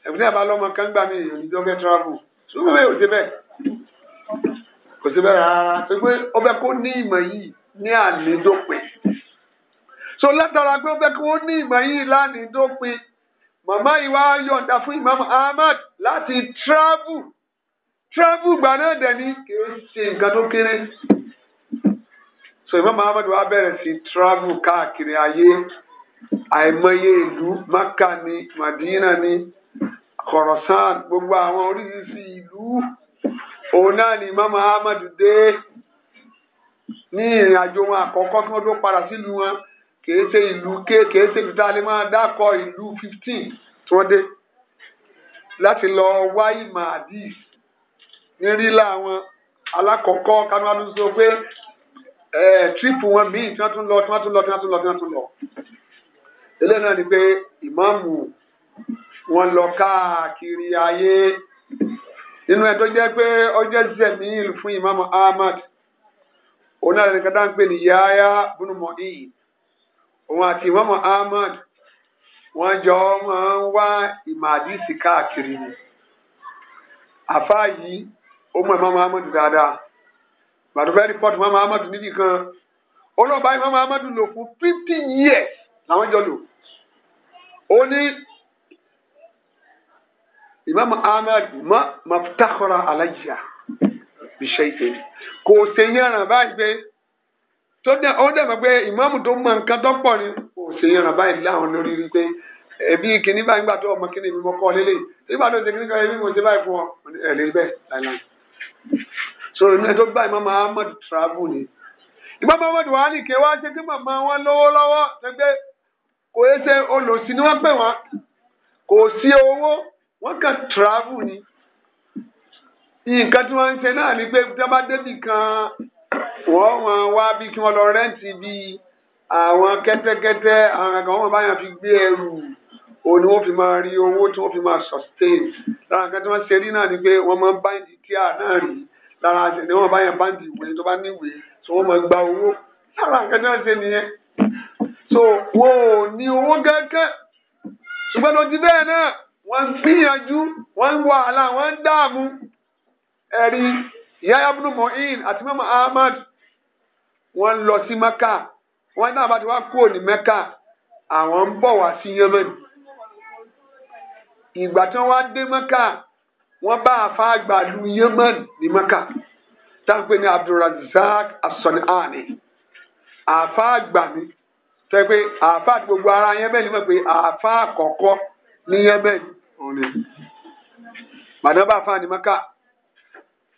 ẹbí náà bá lọmọ kan gbà mí èèyàn níjọ fẹ travel ṣùgbọ́n mi ò ṣe bẹ́ẹ̀ kò ṣe bẹ́ẹ̀ rárá pé pé ọbẹ̀ kó ní ìmọ̀ yìí ní ànídópin so látara pé ọbẹ̀ kó ní ìmọ̀ yìí lánìdópin màmá yìí wá yọ̀ǹda fún Imam Ahmad láti travel travel gbà náà dẹ̀ ní kì í ṣe nǹkan tó kéré so Imam Muhammad wa bẹ̀rẹ̀ sí travel káàkiri ayé àìmọye ìlú Maka ni Madina ni Khorasan gbogbo àwọn oríṣiríṣi ìlú òun náà ni Imam Muhammad dé ní ìrìn àjò wọn àkọ́kọ́ kí wọ́n tó padà sílùú wọn kìí ṣe ìlú kéékèé ṣe fi tá máa dákọ̀ ìlú fifteen tí wọ́n dé láti lọ wá ìmọ̀ àdìs ní rílà wọn alákọ̀ọ́kọ́ kanu adúsọ pé Eh, tírípù wọn míì tí wọ́n tún lọ tí wọ́n tún lọ tí wọ́n tún lọ tí wọ́n tún lọ. eléyìí náà ni pé ìmáàmù wọn lọ káàkiri ayé nínú tó pé fún ìmáàmù Ahmad òun náà nìkan dáhùn pé yaaya yáyá ìyí òun àti ìmáàmù Ahmad wọ́n jọ máa ń wá ìmọ̀ káàkiri ni àfáà yìí ó ìmáàmù Ahmad dáadáa. gbàdúrà rìpọ́tù mọ́mọ́ amadu níbì kan olóògbé ayé mọ́mọ́ amadu lò fún fifteen years làwọn jọ lò ó ní imam ahmed ma maftakora alayya bisẹ́ ìtẹ̀lẹ̀ kò sèyànràn báyìí pé tó dẹ̀ ó dẹ̀ mọ̀ pé ìmáàmù tó mọ nǹkan tó pọ̀ ni kò sèyànràn báyìí láwọn lórí rí pé ẹbí kìíní báyìí gbà tó ọmọ kìíní mi mọ́ kọ́ lélẹ̀ nígbà tó ṣe kìíní kan ẹbí mo ṣe báyìí fún ọ ẹ̀ lè bẹ́ẹ̀ láìláì so ẹni tó gbà Imam Ahmad travel ni Imam Ahmad wàá nìkẹ́ wá ṣe pé màmá wọn lọ́wọ́lọ́wọ́ ṣẹgbẹ́ kò yẹ ṣe olòṣì ni wọ́n pè wọ́n kò sí owó wọ́n kàn travel ni nǹkan tí wọ́n ń ṣe náà ni pé dábàá débì kan wọ́n wọn wá bí kí wọ́n lọ rẹ́ǹtì bí àwọn kẹ́tẹ́kẹ́tẹ́ àwọn kankan wọn báyàn fi gbé ẹrù òun ni wọ́n fi máa rí owó tí wọ́n fi máa sustain lára nǹkan tí wọ́n ṣe rí náà ni pé wọ́n máa ń báyìí tíà náà rí lára àṣẹ ni wọ́n bá yẹn báńdì ìwé tó bá níwè so wọ́n máa gba owó lára nǹkan tí wọ́n ṣe nìyẹn so wọn ò ní owó kankan ṣùgbọ́n tó ti bẹ́ẹ̀ náà wọ́n ń gbìyànjú wọ́n ń wàhálà wọ́n ń dààmú ẹ̀rí ìyá abúlé mohin àti mọ́mọ́ ahmad wọ́n lọ sí mẹ́kà wọ́n náà bá ti wá kúrò ní mẹ́kà àwọn ń bọ̀ wá sí yẹmẹ́nì ìgbà tí wọ́n wá dé mẹ́kà wọ́n bá àfa àgbà lu yemen ní maka táǹpé ní abdulrazak asọ̀nìhàní àfa ni tọ́ pé àfa àti gbogbo ara yemen mọ̀ pé àfa àkọ́kọ́ ní yemen òní màdàbà àfa ní maka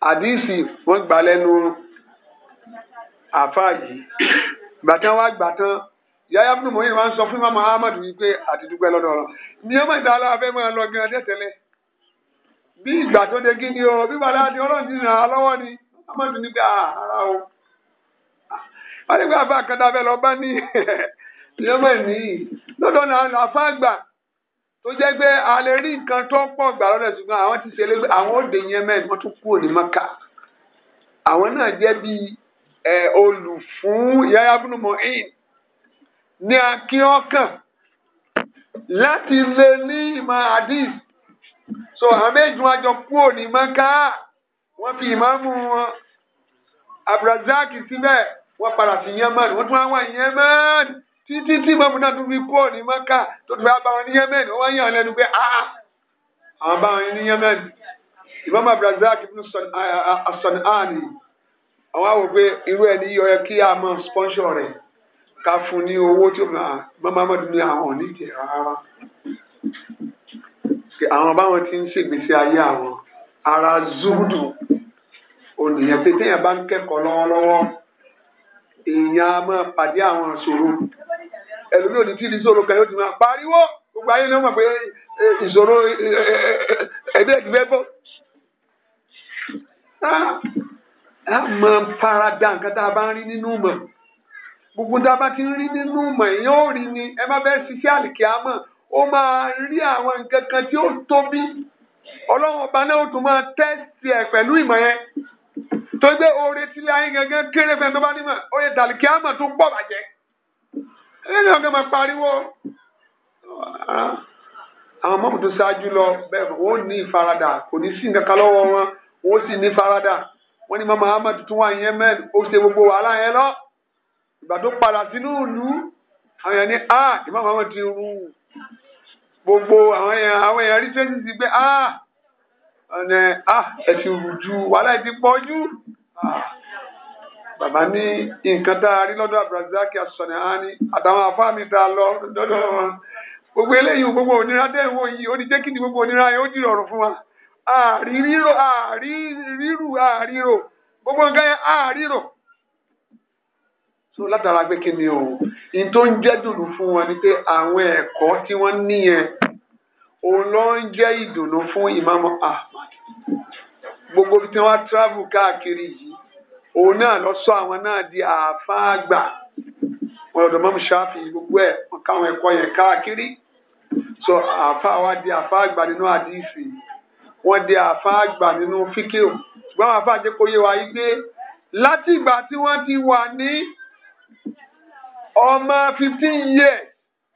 àdìsí wọ́n gbà lẹ́nu àfa yìí gbàtán wá gbàtán yàyà fún mi wọ́n sọ fún mama ahmadu yìí pé àti dúpẹ́ yemen tá a lọ afẹ́ máa lọ bí ìgbà tó de kí o bí ọlọ́run ti ni amadu ní pé ara o wọ́n ní pé àfa àkàndá bẹ́ẹ̀ ní lọ́dọ̀ náà tó jẹ́ pé a rí nǹkan tó pọ̀ gbà lọ́dọ̀ ṣùgbọ́n àwọn ti ṣe àwọn òde Yemen wọ́n tún kúrò ní Maka àwọn náà jẹ́ bíi olùfún Yahya bin Mu'in ní so àmẹ́jùn àjọ kúrò ní mọ́ká wọ́n fi ìmáàmù wọn abdulrasaq síbẹ̀ wọ́n padà sí yemen wọ́n tún wá yemen títí tí ìmáàmù náà tún fi kúrò ní mọ́ká tó tún bá wọn ní yemen wọ́n yàn lẹ́nu pé áá ah, ah, àwọn bá wọn ní yemen ìmáàmù abdulrasaq ibn asanani àwọn àwò pé irú ẹni yọ ẹ kí a mọ sponsor rẹ ká fún ní owó tí ó máa mọ́mọ́mọ́dún ní àwọn ò ní tẹ̀ rárá àwọn báwọn ti ń ṣègbésí ayé àwọn ara zúdù ònìyàn pé téèyàn bá ń kẹ́kọ̀ọ́ lọ́wọ́lọ́wọ́ èèyàn á máa pàdé àwọn ìṣòro ẹlòmíì òní tí ìṣòro kan yóò ti máa pariwo gbogbo ayé ni wọ́n mọ̀ pé eh, eh, ìṣòro eh, ẹgbẹ́ ti fẹ́ bọ́. a máa fara da nǹkan tá a bá ń rí nínú mọ̀ gbogbo tá a bá ti ń rí nínú mọ̀ èèyàn ò rí ni ẹ má bẹ́ẹ̀ ṣiṣẹ́ àlìkí àmọ́ ó máa rí àwọn nǹkan kan tí ó tóbi ọlọ́run ọba náà ó tún máa tẹ́sì ẹ̀ pẹ̀lú ìmọ̀ yẹn tó gbé oore sílé ayé gangan kéré fẹ́ tó bá nímọ̀ oye tàlìkí àmọ̀ tó pọ̀ bàjẹ́ ẹni ọ̀gá máa pariwo àwọn mọ́mù tó ṣáájú lọ bẹ́ẹ̀ wọ́n ní ìfaradà kò ní sí nǹkan kan lọ́wọ́ wọn wọ́n sì ní ìfaradà wọ́n ní mama ahmed tún wà yẹn mẹ́rin ó ṣe gbogbo wàhálà yẹn lọ ìgbà tó padà sínú ìlú àwọn yẹn ní ah ìmọ̀ ahmed ti rú gbogbo àwọn èèyàn àwọn èèyàn rí tẹ́sí ti gbé ah ọ̀nà ah ẹ̀sìn rùjú wàhálà ti pọ̀ jù ah, bàbá ní nǹkan tá a rí lọ́dọ̀ abrazaki asọ̀nà á ní àtàwọn afá mi lọ lọ́dọ̀ wọn gbogbo eléyìí gbogbo onírà dẹ́ ìwọ yìí ó ní gbogbo onírà yẹn ó dì rọrùn fún wa gbogbo nǹkan yẹn so látara pé kí ni o n tó ń jẹ́ dùnú fún wọn ni pé àwọn ẹ̀kọ́ tí wọ́n ní yẹn òun ló ń jẹ́ ìdùnnú fún ìmáàmù Ahmad gbogbo tí wọ́n travel káàkiri yìí òun náà lọ sọ àwọn náà di àáfàá wọn lọ́dọ̀ mọ́mú ṣáfì gbogbo ẹ̀ wọn káwọn ẹ̀kọ́ yẹn káàkiri so àáfàá wa di àáfàá àgbà nínú àdìsí wọn di àáfàá àgbà nínú fíkìl ṣùgbọ́n àwọn àáfàá jẹ́ kó yé wa yí pé láti ìgbà tí wọ́n ti wà ní ọmọ fifteen years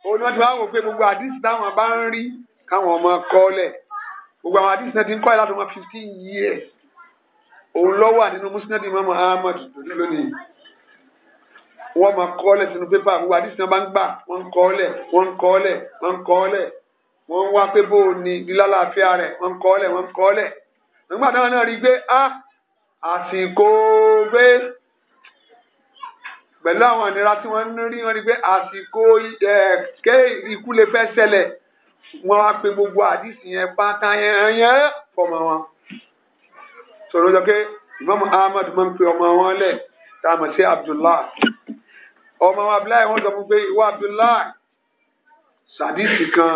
òun ni wọ́n ti wá wò pé gbogbo àdìsí táwọn bá ń rí káwọn ọmọ kọ́lẹ̀ gbogbo àwọn àdìsí náà ti ń kọ́ ẹ̀ láti ọmọ fifteen years òun ló wà nínú musnad imam ahmad lónìí lónìí wọ́n máa kọ́lẹ̀ sínú pépà gbogbo àdìsí náà bá ń gbà wọ́n ń kọ́lẹ̀ wọ́n ń kọ́lẹ̀ wọ́n ń kọ́lẹ̀ wọ́n ń wá pé bó o ní lílálàáfíà rẹ̀ wọ́n ń kọ́lẹ̀ wọ́n ń kọ́lẹ̀ nígbà táwọn náà rí i pé a ah, àsìkò gbé pẹ̀lú àwọn ìnira tí wọ́n ń rí wọn ni pé àsìkò ké ikú lè fẹ́ ṣẹlẹ̀ wọ́n á pe gbogbo àdìsí yẹn pátá yẹn yẹn fọmọ wọn. sọ̀rọ̀ jọ pé Imam Ahmad máa ń pe ọmọ wọn lẹ̀ tá a mọ̀ sí Abdullah ọmọ Abdullahi wọn sọ fún pé ìwọ Abdullahi sàdísì kan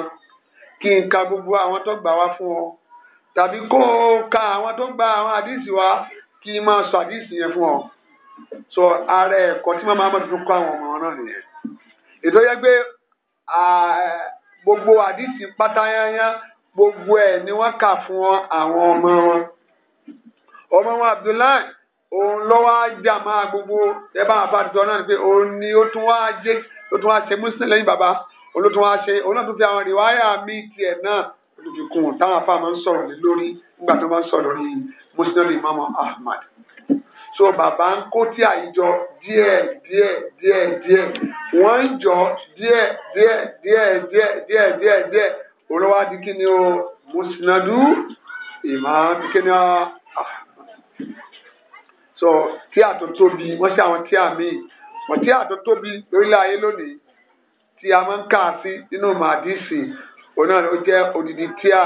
kí n ka gbogbo àwọn tó gbà wá fún ọ tàbí kó o ka àwọn tó gba àwọn àdìsí wa kí n máa sọ yẹn fún ọ so ara ẹ̀kọ́ tí màmá amadu tún kọ́ àwọn ọmọ wọn náà nìyẹn ètò yẹ pé gbogbo àdìsí pátáyányá gbogbo ẹ̀ ni wọ́n kà fún àwọn ọmọ wọn ọmọ wọn abdullahi òun ló wá jà máa gbogbo ẹ bá àfa àtijọ́ náà ni pé òun ni ó tún wá jẹ́ ó tún wá ṣe muslim lẹ́yìn bàbá òun ló tún wá ṣe òun náà tún fi àwọn rìwáyà míì tiẹ̀ náà lójúkùn táwọn afá ń sọ̀rọ̀ lórí nígbà tó máa ń sọ̀rọ̀ lórí muslim imam ahmad so bàbá ń kó tí àyíjọ díẹ̀ díẹ̀ díẹ̀ díẹ̀ wọ́n ń jọ díẹ̀ díẹ̀ díẹ̀ díẹ̀ díẹ̀ díẹ̀ díẹ̀ olówó adi o musinadu imam kí ni ah. so tí àtò tóbi wọ́n ṣe àwọn tí àmì wọ́n tí àtò tóbi lórílẹ̀ ayé lónìí tí a máa ń kà sí nínú màdìsì òun náà ó jẹ́ odidi tíà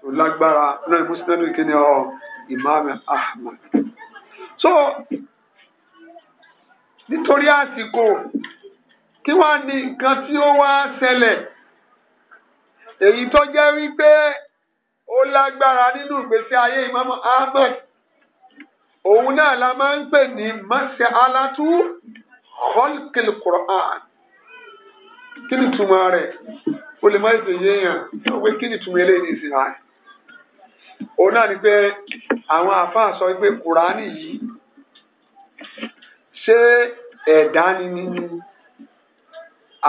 tó lágbára náà musinadu kí o imam ahmed so nítorí àsìkò kí wá ní nǹkan tí ó wá ṣẹlẹ̀ èyí tó jẹ́ wípé ó lágbára nínú ìgbésí ayé Imam Ahmed òun náà la máa ń pè ní mọ́sẹ̀ alátú khalqil Qur'an kí ni túmọ̀ rẹ̀ o lè má ètò yéèyàn ó pé kí ni túmọ̀ eléyìí sí ra rẹ̀ òun náà ni pé àwọn àfáà sọ pé kùránì yìí ṣé ẹ̀dá ni nínú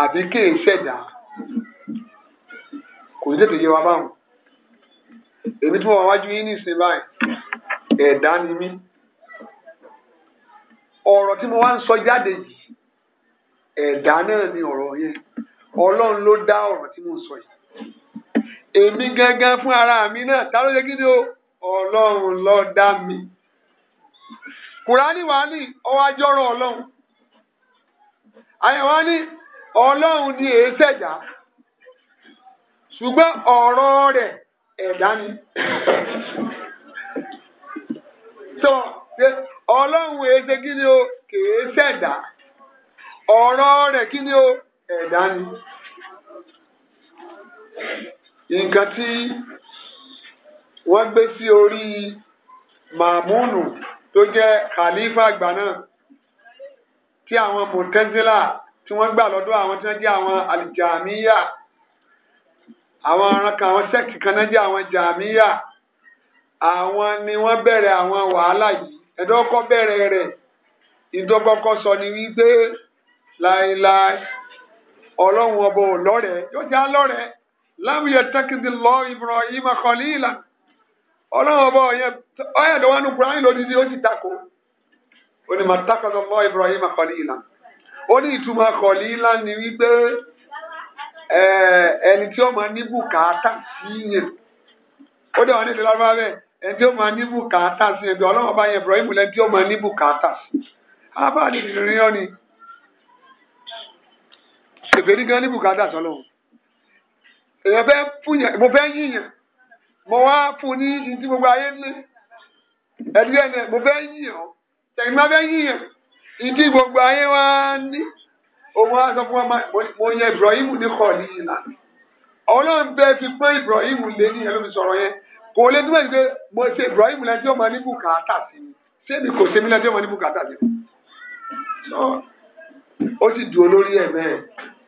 àbí kéè ṣẹ̀dá kò sí tètè yé wa báwọn èmi tí mo wájú yín nísìnyí báyìí ẹ̀dá ni mí ọ̀rọ̀ tí mo wá ń sọ jáde yìí ẹ̀dá náà ni ọ̀rọ̀ yẹn ọlọ́run ló dá ọ̀rọ̀ tí mo sọ yìí èmi gangan fún ara mi náà ta ló ṣe kí ni o ọlọ́run ló dá mi. kùránì wàá ní ọwọ́ ajọ́rọ̀ ọlọrun àyẹ̀wò ní ọlọ́run ni èé ṣẹ̀dá ọrọ rẹ rẹ̀ ẹ̀dá ni. sọ ọlọ́run èé ṣe kí ni o kèé ṣẹ̀dá ọ̀rọ̀ kí ni o ẹ̀dá ni. nǹkan tí wọ́n gbé sí orí màmúnù tó jẹ́ khalifa àgbà náà tí àwọn mọ̀tẹ́sílà tí wọ́n gbà lọ́dọ̀ àwọn tí wọ́n jẹ́ àwọn àlìjàmíyà àwọn aranka àwọn sẹ́ẹ̀kì kan náà jẹ́ àwọn jàmíyà àwọn ni wọ́n bẹ̀rẹ̀ àwọn wàhálà yìí ẹ̀dọ́kọ́ bẹ̀rẹ̀ rẹ̀ ìdọ́kọ́kọ́ sọ ni wípé láéláé ọlọ́run ọba ò lọ́rẹ̀ẹ́ yóò já lọ́rẹ̀ẹ́ láàmú yẹ tẹ́kìdì lọ Ibrahim khalila ọlọ́run ọba ọ̀yẹ́ ọ̀yẹ́ ló wà ní kúránì lódìdí ó sì takò ó ní màá takọ̀dọ̀ lọ Ibrahim khalila ó ní ìtumọ̀ khalila ni wípé ẹni tí ó máa ní bùkátà sí yẹn ó dẹ̀ wọ́n ní ìlú lọ́wọ́ bẹ́ẹ̀ ẹni tí ó máa ní bùkátà sí yẹn bí ọlọ́run ọba yẹn Ibrahim lẹ́ni tí ó máa ní bùkátà sí abáàdì ìrìn ọ́ ni ṣèfèrí gan ní bùkátà sọlọ́run èèyàn fẹ́ fún yàn mo fẹ́ yíyàn mo wá fún ní ìdí gbogbo ayé ní ẹdílé ní mo fẹ́ yíyàn tẹ̀yìn máa fẹ́ yíyàn ìdí gbogbo ayé wá ní òun á sọ fún ọmọ mo yan Ibrahim ní kọ̀ọ̀lì yìí lánàá ọlọ́run bẹ́ẹ̀ fi pé Ibrahim lé ní ẹ̀rọ sọ̀rọ̀ yẹn kò lè dúró ìgbé mo ṣe Ibrahim lẹ́jọ́ ọmọ ní bùkátà sí mi ṣé mi kò ṣe mí lẹ́jọ́ ọmọ ní bùkátà sí mi ó sì dùn olórí ẹ̀ bẹ́ẹ̀.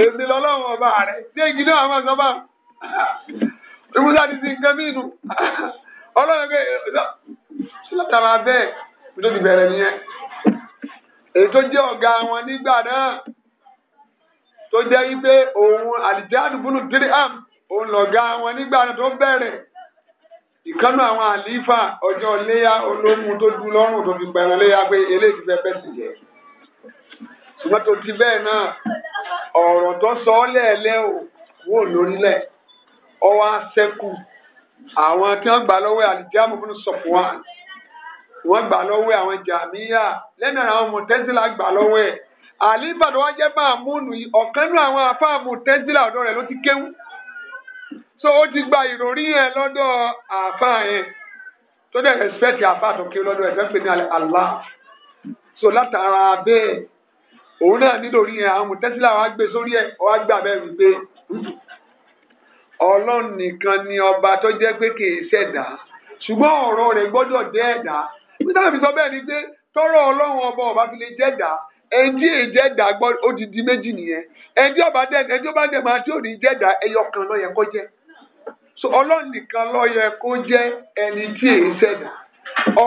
èmi lọ́lọ́run ọba rẹ ṣé igi náà àwọn ọ̀sán bá ìmúṣà ti di nǹkan mìínú ọlọ́run pé látara bẹ́ẹ̀ mi tó ti bẹ̀rẹ̀ nìyẹn èyí tó jẹ́ ọ̀gá wọn nígbà náà tó jẹ́ wípé òun àlìjáde búnú dirham òun lọ̀gá wọn nígbà náà tó bẹ̀rẹ̀ ìkánú àwọn àlífà ọjọ́ léyà olóhùn tó dúró lọ́rùn tó fi pẹ̀rẹ̀ léyà pé eléyìí ti fẹ́ bẹ́ẹ̀ sì jẹ́ ṣùgbọ́n tó ti bẹ́ẹ̀ náà ọ̀rọ̀ tó sọ ọ́ lẹ́ẹ̀lẹ́ ò wò lórílẹ̀ ọwọ́ àṣẹ́kù àwọn tí wọ́n gbà lọ́wọ́ àlìjáàmù fún sọ̀fùwàn wọ́n gbà lọ́wọ́ àwọn jàmíyà lẹ́nu àwọn mọ̀tẹ́sílà gbà lọ́wọ́ ẹ̀ àlìbàdàn wọ́n jẹ́ máa múnú ọ̀kan nínú àwọn afáàmù tẹ́sílà ọ̀dọ́ rẹ̀ ló ti kéwú so ó ti gba ìròrí yẹn lọ́dọ̀ àfáà yẹn tó dẹ̀ respect àfáà tó kéwú lọ́dọ̀ ẹ̀ fẹ́ pè ní Allah so látara bẹ́ẹ̀ òun náà nítorí yẹn àwọn wa gbé sórí ẹ̀ gbà bẹ́ẹ̀ pé ọlọ́run nìkan ni ọba tó jẹ́ pé kì í ṣùgbọ́n ọ̀rọ̀ rẹ gbọ́dọ̀ jẹ́ nígbà sọ bẹ́ẹ̀ ni pé tọrọ ọlọrun ọba ọba fi lè méjì nìyẹn ọba máa tí ò ní ẹyọ kan jẹ́ ẹni tí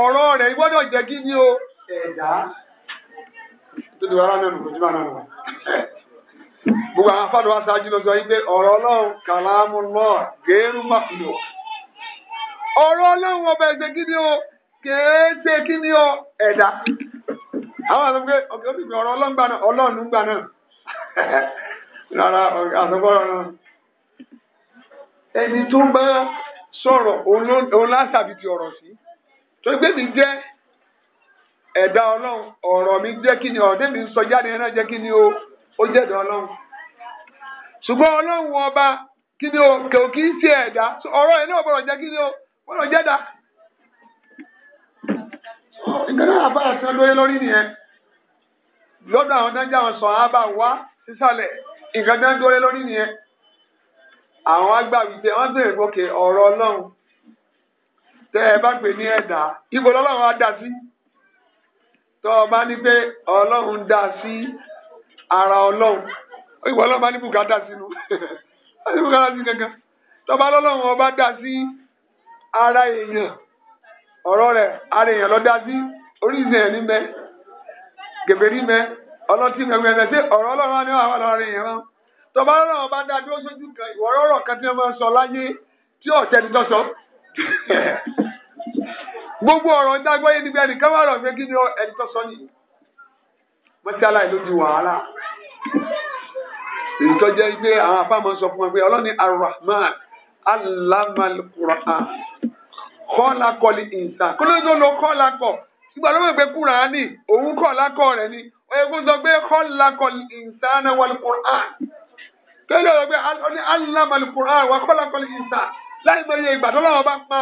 Ọrọ rẹ kí ni o tóbi wàrà náà náà nùkú. gbogbo àwọn afáàdùn aṣáájú ló sọ wípé ọ̀rọ̀ ọlọ́run kàlámù lọ géérú màkùlù. ọ̀rọ̀ ọlọ́run ọba ẹ̀sẹ̀ kí ni o kèé ṣe kí ni o ẹ̀dá. àwọn àti pé ó sì fi ọ̀rọ̀ ọlọ́run gbà náà ọlọ́run gbà náà. rárá náà. ẹni tó bá sọ̀rọ̀ òun lásàbí ẹ̀dá ọlọ́run ọrọ mi jẹ́ kí ni ọ̀dẹ́ mi sọ jáde náà jẹ́ kí ni o ó jẹ́ ọlọ́run ṣùgbọ́n ọlọ́run ọba kí o kò kí ń ṣe ọ̀rọ̀ ẹ̀ náà jẹ́ kí ni o nǹkan náà bá lórí nìyẹn àwọn dáńjà bá wá nǹkan lórí nìyẹn àwọn àgbà wípé wọ́n bèrè T'ọba ọ bá ní pé ọlọ́run dá sí ara ọlọ́run ìwọ ọlọ́run bá ní bùkátà sínú ní bùkátà ọba dá sí ara èèyàn ọ̀rọ̀ rẹ̀ ara èèyàn lọ dá sí oríṣi ẹ̀ ní mẹ́ mẹ́ ọlọ́tí ọ̀rọ̀ ọba dá dúró sójú kan ìwọ ọ̀rọ̀ kan tí wọ́n sọ láyé tí gbogbo ọ̀rọ̀ ń dágbọ́ yẹn nígbà nìkan wà rọ̀ pé kí ni ẹni tó sọ nìyí mọ́sálà ló di wàhálà èyí tó jẹ́ pé àwọn afáàmọ́ sọ fún wa pé ọlọ́ni arahman alamal quran kọ́lá kọ́lí ìsà kó ló tó lo kọ́lá kọ́ ìgbà ló mọ̀ pé kúránì òun kọ́lá kọ́ rẹ̀ ni ọ̀yẹ́ kó sọ pé kọ́lá kọ́lí ìsà náà wà lùkùrán kí ló lọ pé ọlọ́ni alamal quran wà kọ́lá kọ́lí ìsà láì mọ iye ìgbà tó lọ́wọ́ bá pa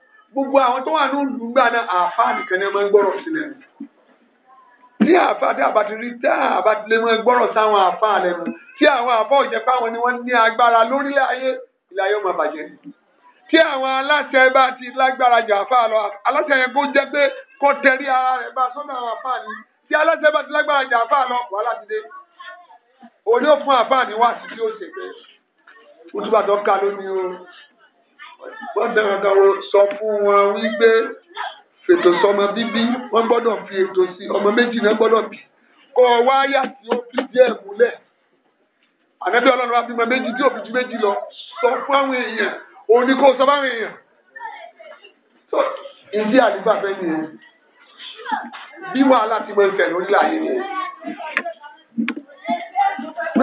gbogbo àwọn tó wà ní olùgbà náà àfa nìkan ni ẹ máa ń gbọ́rọ̀ sílẹ̀ tí àfa tí àbá ti rí tí àbá ti lè máa gbọ́rọ̀ sáwọn àfa rẹ̀ mọ́ tí àwọn àfa ò jẹ́ pé àwọn ni wọ́n ní agbára lórílẹ̀ ayé ilẹ̀ ayé ó máa bàjẹ́ tí àwọn aláṣẹ bá ti lágbára jà àfa lọ aláṣẹ yẹn kó jẹ́ pé kó tẹrí ara rẹ̀ bá sọ́nà àwọn àfa ni tí aláṣẹ bá ti lágbára jà àfa lọ wàhálà ti òní ò fún àfa ni wá sí wọ́n bẹ̀rẹ̀ kan wo sọ fún wọn wípé fètò sọmọ bíbí wọ́n gbọ́dọ̀ fi ètò sí ọmọ méjì náà gbọ́dọ̀ bí kọ́ wáyà tí ó fi díẹ̀ múlẹ̀ ànábì ọlọ́run wa bímọ méjì tí òbí ju méjì lọ sọ fún àwọn èèyàn òun ni kò sọ fún àwọn èèyàn ìdí àdúgbà fẹ́ nìyẹn bí wàhálà ti mọ ìfẹ́ lórí láàyè nìyẹn bí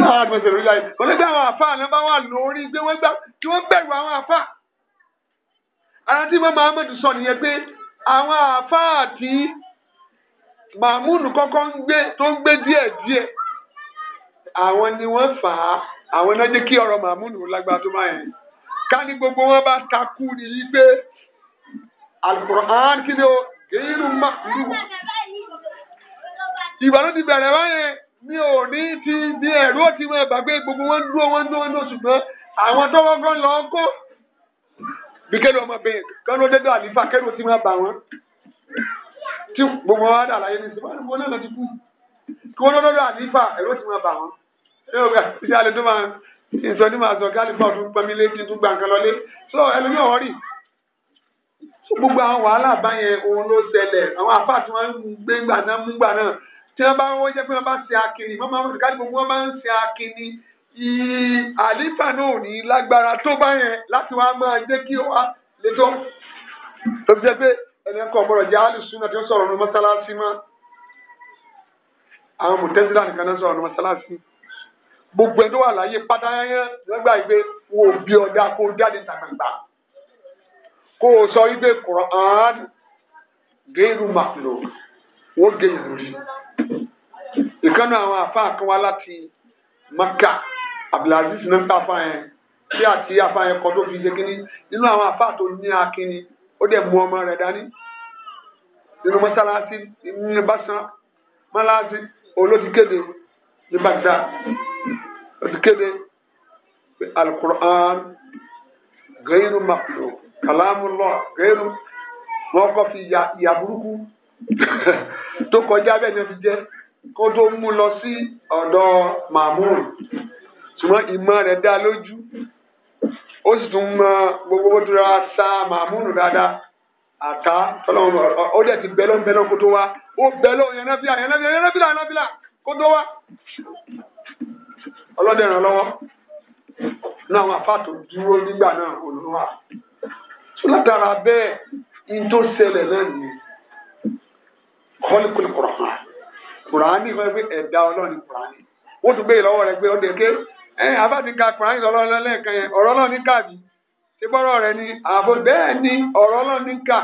wàhálà ti mọ ìfẹ́ lórí láàyè nìyẹn wọ́n lé gbé àwọn àfáà náà bá wà lórí gbé wọ́n gbà kí wọ́n bẹ̀rù àwọn àfáà ara tí mọ́ Muhammadu sọ nìyẹn pé àwọn àáfàá tí Màmúnù kọ́kọ́ ń gbé tó ń gbé díẹ̀díẹ̀ àwọn ni wọ́n fà á àwọn náà jẹ́ kí ọ̀rọ̀ Màmúnù lágbára tó máa yẹn ká ní gbogbo wọn bá takú nìyí pé alukur'an kí ni o kìí nu má lu ìgbà ló ti bẹ̀rẹ̀ báyẹn mi ò ní ti bí ẹ̀rú ti mọ ẹ̀bà pé gbogbo wọn dúró wọn dúró wọn dúró ṣùgbọ́n àwọn tọ́wọ́ kan lọ kó bí kẹ́lò ọmọ bẹ́ẹ̀ kánú dédé àlífà kẹ́lò tí wọ́n bá wọn tí gbogbo wọn dà láyé ní sinmi wọn náà ti kú kí wọn lọ́dọ̀ àlífà ẹ̀rọ tí wọ́n bá wọn. ẹ ò gbà sí alẹ́ tó máa ìsọ ní màá sọ kálífà ọdún pẹ́mi létí tó gbà nǹkan lọlé sọ ẹlòmíì wọ́n rì. gbogbo àwọn wàhálà báyẹn òun ló ṣẹlẹ̀ àwọn àfà tí wọ́n gbé gbà náà mú gbà náà tí wọ́n bá wọ́n jẹ́ pé wọ́n bá ṣe akiri wọ́n máa ń àlífà náà ò ní lágbára tó bá yẹn láti wá máa jẹ́ kí wá lè tó tó fi jẹ́ pé ẹni ẹ̀kọ́ ọ̀gbọ́dọ̀ jẹ́ alùsùn náà tí ó sọ̀rọ̀ ọ̀nà mọ́sálásí mọ́ àwọn mùtẹ́sílà nìkan náà sọ̀rọ̀ ọ̀nà mọ́sálásí gbogbo ẹni tó wà láyé pátá yẹn lọ́gbà yìí pé wo bí ọ̀dà kó jáde tàgbàgbà kó o sọ yìí pé Quran géèrú màkùlò wọ́n gé ìlú rí ìkànnì àwọn àfáà kan wá láti Maka abdulaziz náà ń bá afa yẹn tí àti afa yẹn kọ tó fi ṣe kínní nínú àwọn afa tó ní akínní ó dẹ̀ mú ọmọ rẹ̀ dání nínú mọ́sálásí nínú bàṣán mọ́sálásí olóòtú kéde ní Baghdad olóòtú kéde alukur'an gẹ́rù maklo kalamullah gẹ́rù wọn kọ́ fi ìyà burúkú tó kọjá bẹ́ẹ̀ ni wọ́n ti jẹ́ kó tó mú lọ sí ọ̀dọ̀ Mamun ṣùgbọ́n ìmọ̀ rẹ̀ dá lójú ó sì tún mọ gbogbo bó tura sa màmúnù dáadáa àká tọ́lọ́mù ó dẹ̀ ti bẹ́lọ́ bẹ́lọ́ kó tó wá ó bẹ́lọ́ yẹnẹ́bíà yẹnẹ́bíà yẹnẹ́bíà yẹnẹ́bíà kó tó wá ọlọ́dẹ ràn lọ́wọ́ náà àwọn afáàtò dúró nígbà náà olùwà tó látara bẹ́ẹ̀ in tó ṣẹlẹ̀ náà nìyẹn kọ́líkùlì kùránì kùránì wọ́n gbé ẹ̀dá ọlọ́ọ̀ni kùránì wọ́n tún gbé ìlọ́wọ́ rẹ̀ gbé ọdẹ ké ẹ abáti ka kùránì lọ́rọ́ lẹ́lẹ́kan yẹn ọ̀rọ̀ náà ní kàbí tí bọ́rọ̀ rẹ̀ ni àbò bẹ́ẹ̀ ni ọ̀rọ̀ náà ní kà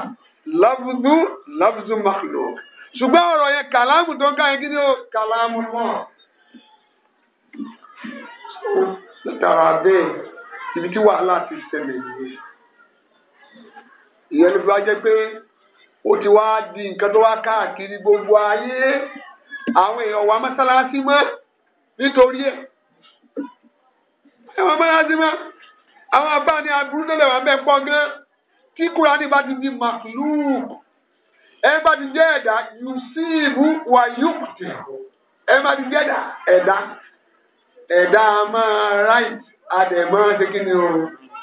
lafzu lafzu ṣùgbọ́n ọ̀rọ̀ yẹn kàlámù tó tó káàkiri gbogbo ayé àwọn ẹ wọ́n mọ́ra sí mọ́ àwọn àbá ni aburú lọ́lẹ̀ wà mẹ́ pọ́ gan tí kúránì bá ti di makluk ẹ bá ti jẹ́ ẹ̀dá yusibu wà yúkùtì ẹ bá ti jẹ́ ẹ̀dá ẹ̀dá ẹ̀dá máa right adẹ̀mọ́ ṣe kí ni o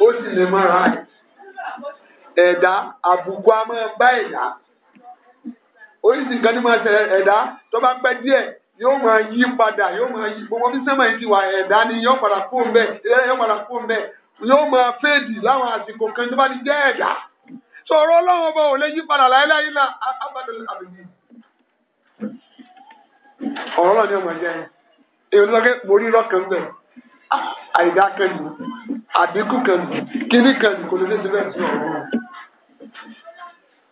ó sì lè máa right ẹ̀dá àbùkù a máa bá ẹ̀dá oríṣi nǹkan ní máa ṣe ẹ̀dá tó bá pẹ́ díẹ̀ yóò máa yí padà yóò máa yí gbogbo bí sẹ́mà yìí ti wà ẹ̀dá ni yóò padà kó ń bẹ̀ yóò padà kó ń bẹ̀ yóò máa fèdì láwọn àsìkò kan tó bá ti jẹ́ ẹ̀dá sọ̀rọ̀ ọlọ́run ọba ò lè yí padà láéláé la abadọ̀lẹ̀ àbẹ̀bí. ọ̀rọ̀ náà ni ọmọ jẹ́ èyí ló lọ́kẹ́ mo rí lọ́kàn bẹ̀ ah, àìdá kan nù àdínkù kan nù kíní kan nù kò lè ṣe bẹ́ẹ̀ sí ọ̀rọ̀